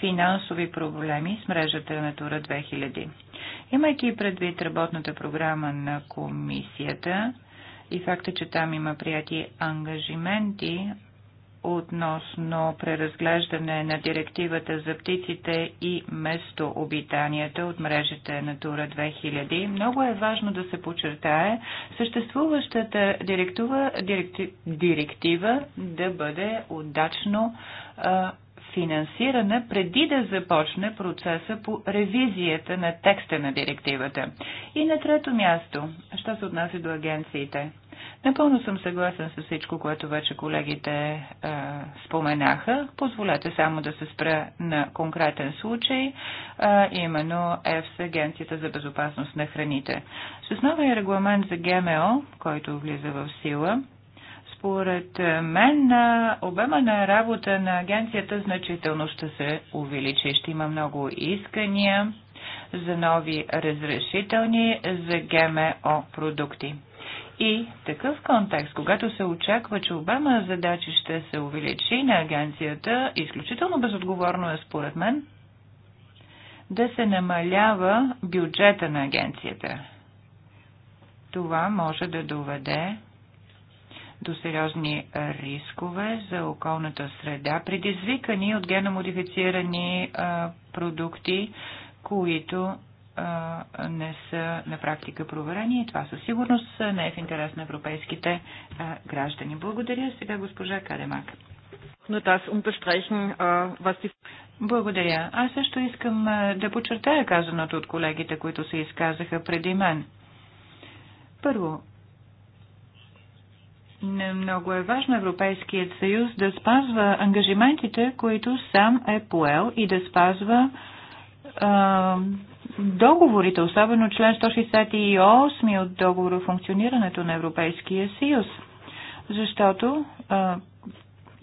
финансови проблеми с мрежата на Тура 2000. Имайки предвид работната програма на комисията и факта, че там има прияти ангажименти относно преразглеждане на директивата за птиците и местообитанията от мрежите Натура 2000. Много е важно да се почертае съществуващата директива, директи, директива да бъде удачно а, финансирана преди да започне процеса по ревизията на текста на директивата. И на трето място, що се отнася до агенциите – Напълно съм съгласен с всичко, което вече колегите е, споменаха. Позволете само да се спра на конкретен случай, е, именно ЕФС, Агенцията за безопасност на храните. С новия регламент за ГМО, който влиза в сила, според мен на е, обема на работа на агенцията значително ще се увеличи. Ще има много искания за нови разрешителни за ГМО продукти. И такъв контекст, когато се очаква, че обема задачи ще се увеличи на агенцията, изключително безотговорно е според мен да се намалява бюджета на агенцията. Това може да доведе до сериозни рискове за околната среда, предизвикани от геномодифицирани а, продукти, които не са на практика проверени и това със сигурност не е в интерес на европейските граждани. Благодаря. Сега госпожа Кадемак. Благодаря. Аз също искам да подчертая казаното от колегите, които се изказаха преди мен. Първо, много е важно Европейският съюз да спазва ангажиментите, които сам е поел и да спазва договорите, особено член 168 от договора о функционирането на Европейския съюз. Защото а,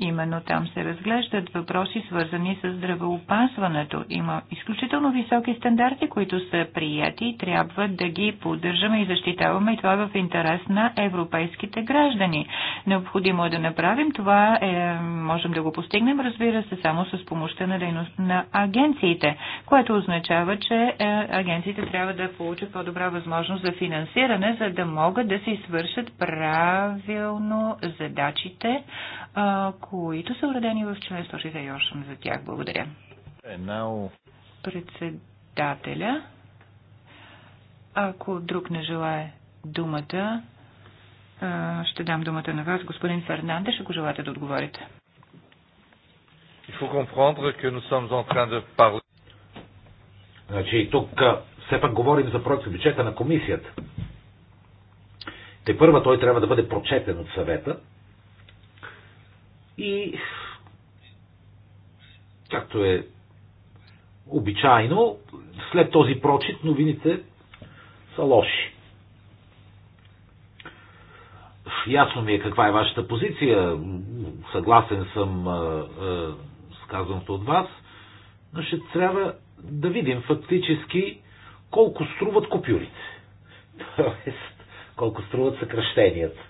Именно там се разглеждат въпроси, свързани с здравеопазването. Има изключително високи стандарти, които са прияти и трябва да ги поддържаме и защитаваме и това е в интерес на европейските граждани. Необходимо е да направим това, е, можем да го постигнем, разбира се, само с помощта на дейност на агенциите, което означава, че е, агенциите трябва да получат по-добра възможност за финансиране, за да могат да се свършат правилно задачите, които са уредени в член 168 за тях. Благодаря. Now... Е, Председателя, ако друг не желая думата, ще дам думата на вас, господин Фернандеш, ако желаете да отговорите. Il faut comprendre que nous sommes en train de parler. Значи, тук все пак говорим за проект бюджета на комисията. Те първа той трябва да бъде прочетен от съвета, и както е обичайно, след този прочит новините са лоши. Ясно ми е каква е вашата позиция. Съгласен съм с казаното от вас, но ще трябва да видим фактически колко струват купюрите. Тоест, колко струват съкръщенията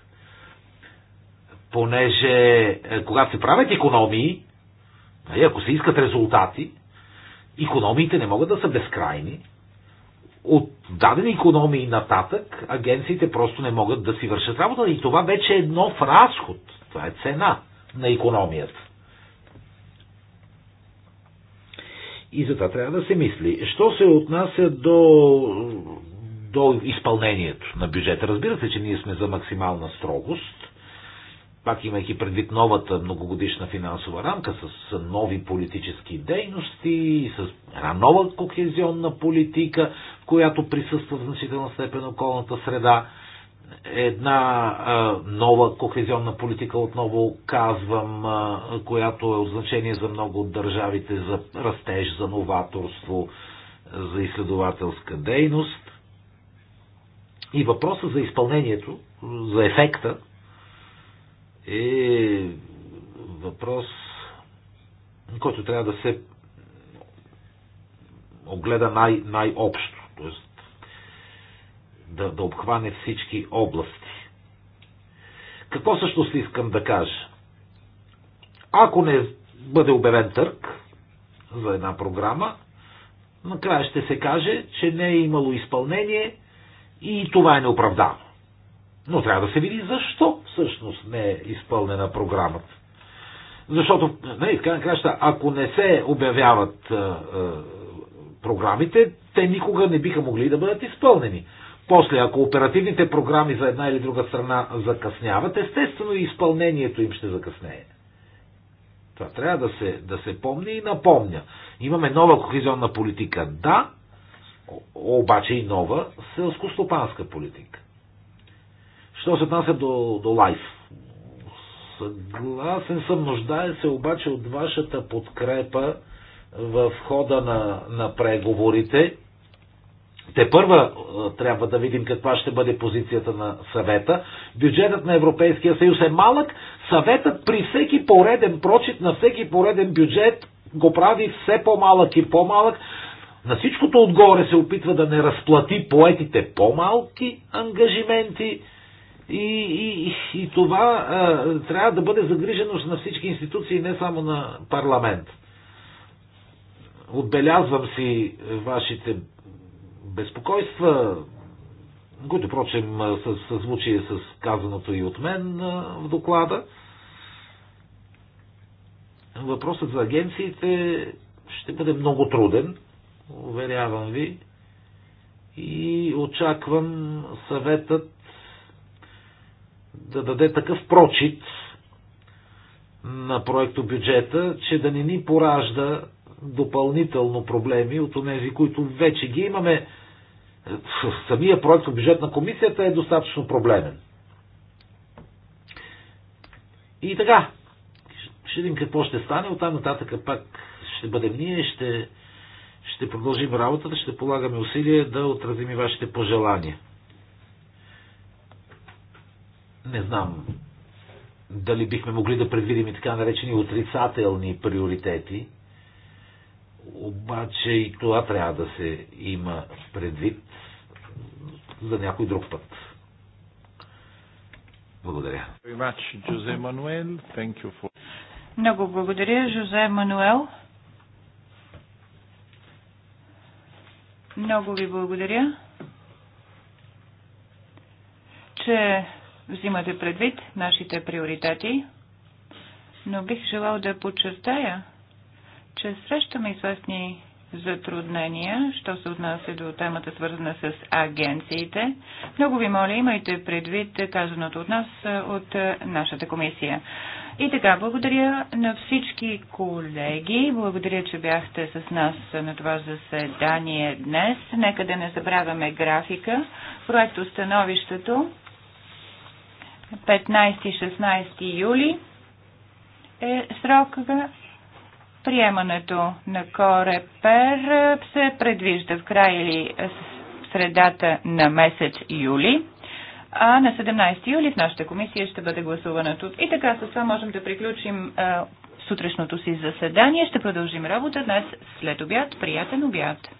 понеже е, когато се правят економии, нали, ако се искат резултати, економиите не могат да са безкрайни. От дадени економии нататък агенциите просто не могат да си вършат работа и това вече е едно в разход. Това е цена на економията. И за това трябва да се мисли. Що се отнася до, до изпълнението на бюджета? Разбира се, че ние сме за максимална строгост, пак имайки предвид новата многогодишна финансова рамка, с нови политически дейности, с една нова кохезионна политика, в която присъства в значителна степен околната среда, една а, нова кохезионна политика, отново казвам, а, която е от значение за много от държавите, за растеж, за новаторство, за изследователска дейност. И въпроса за изпълнението, за ефекта е въпрос, който трябва да се огледа най- най-общо, т.е. Да, да обхване всички области. Какво всъщност искам да кажа? Ако не бъде обявен търк за една програма, накрая ще се каже, че не е имало изпълнение и това е неоправдано. Но трябва да се види защо всъщност не е изпълнена програмата. Защото, нали, в крайна краща, ако не се обявяват а, а, програмите, те никога не биха могли да бъдат изпълнени. После, ако оперативните програми за една или друга страна закъсняват, естествено и изпълнението им ще закъснее. Това трябва да се, да се помни и напомня. Имаме нова кохезионна политика, да, обаче и нова селско-стопанска политика. Що се отнася до, до лайф? Съгласен съм, нуждае се обаче от вашата подкрепа в хода на, на преговорите. Те първа е, трябва да видим каква ще бъде позицията на съвета. Бюджетът на Европейския съюз е малък. Съветът при всеки пореден прочит на всеки пореден бюджет го прави все по-малък и по-малък. На всичкото отгоре се опитва да не разплати поетите по-малки ангажименти и, и, и това а, трябва да бъде загриженост на всички институции, не само на парламент. Отбелязвам си вашите безпокойства, които, впрочем, съзвучие с казаното и от мен в доклада. Въпросът за агенциите ще бъде много труден, уверявам ви, и очаквам съветът да даде такъв прочит на проекто бюджета, че да не ни поражда допълнително проблеми от тези, които вече ги имаме. Е, самия проект бюджет на комисията е достатъчно проблемен. И така, ще видим какво ще стане. от там нататък пак ще бъдем ние, ще, ще продължим работата, ще полагаме усилия да отразим и вашите пожелания. Не знам дали бихме могли да предвидим и така наречени отрицателни приоритети, обаче и това трябва да се има предвид за някой друг път. Благодаря. Много благодаря, Жозе Мануел. Много ви благодаря, че взимате предвид нашите приоритети, но бих желал да подчертая, че срещаме известни затруднения, що се отнася до темата свързана с агенциите. Много ви моля, имайте предвид казаното от нас от нашата комисия. И така, благодаря на всички колеги. Благодаря, че бяхте с нас на това заседание днес. Нека да не забравяме графика. Проекто становището 15-16 юли е срок за приемането на Корепер се предвижда в края или в средата на месец юли. А на 17 юли в нашата комисия ще бъде тук. И така с това можем да приключим сутрешното си заседание. Ще продължим работа днес след обяд. Приятен обяд!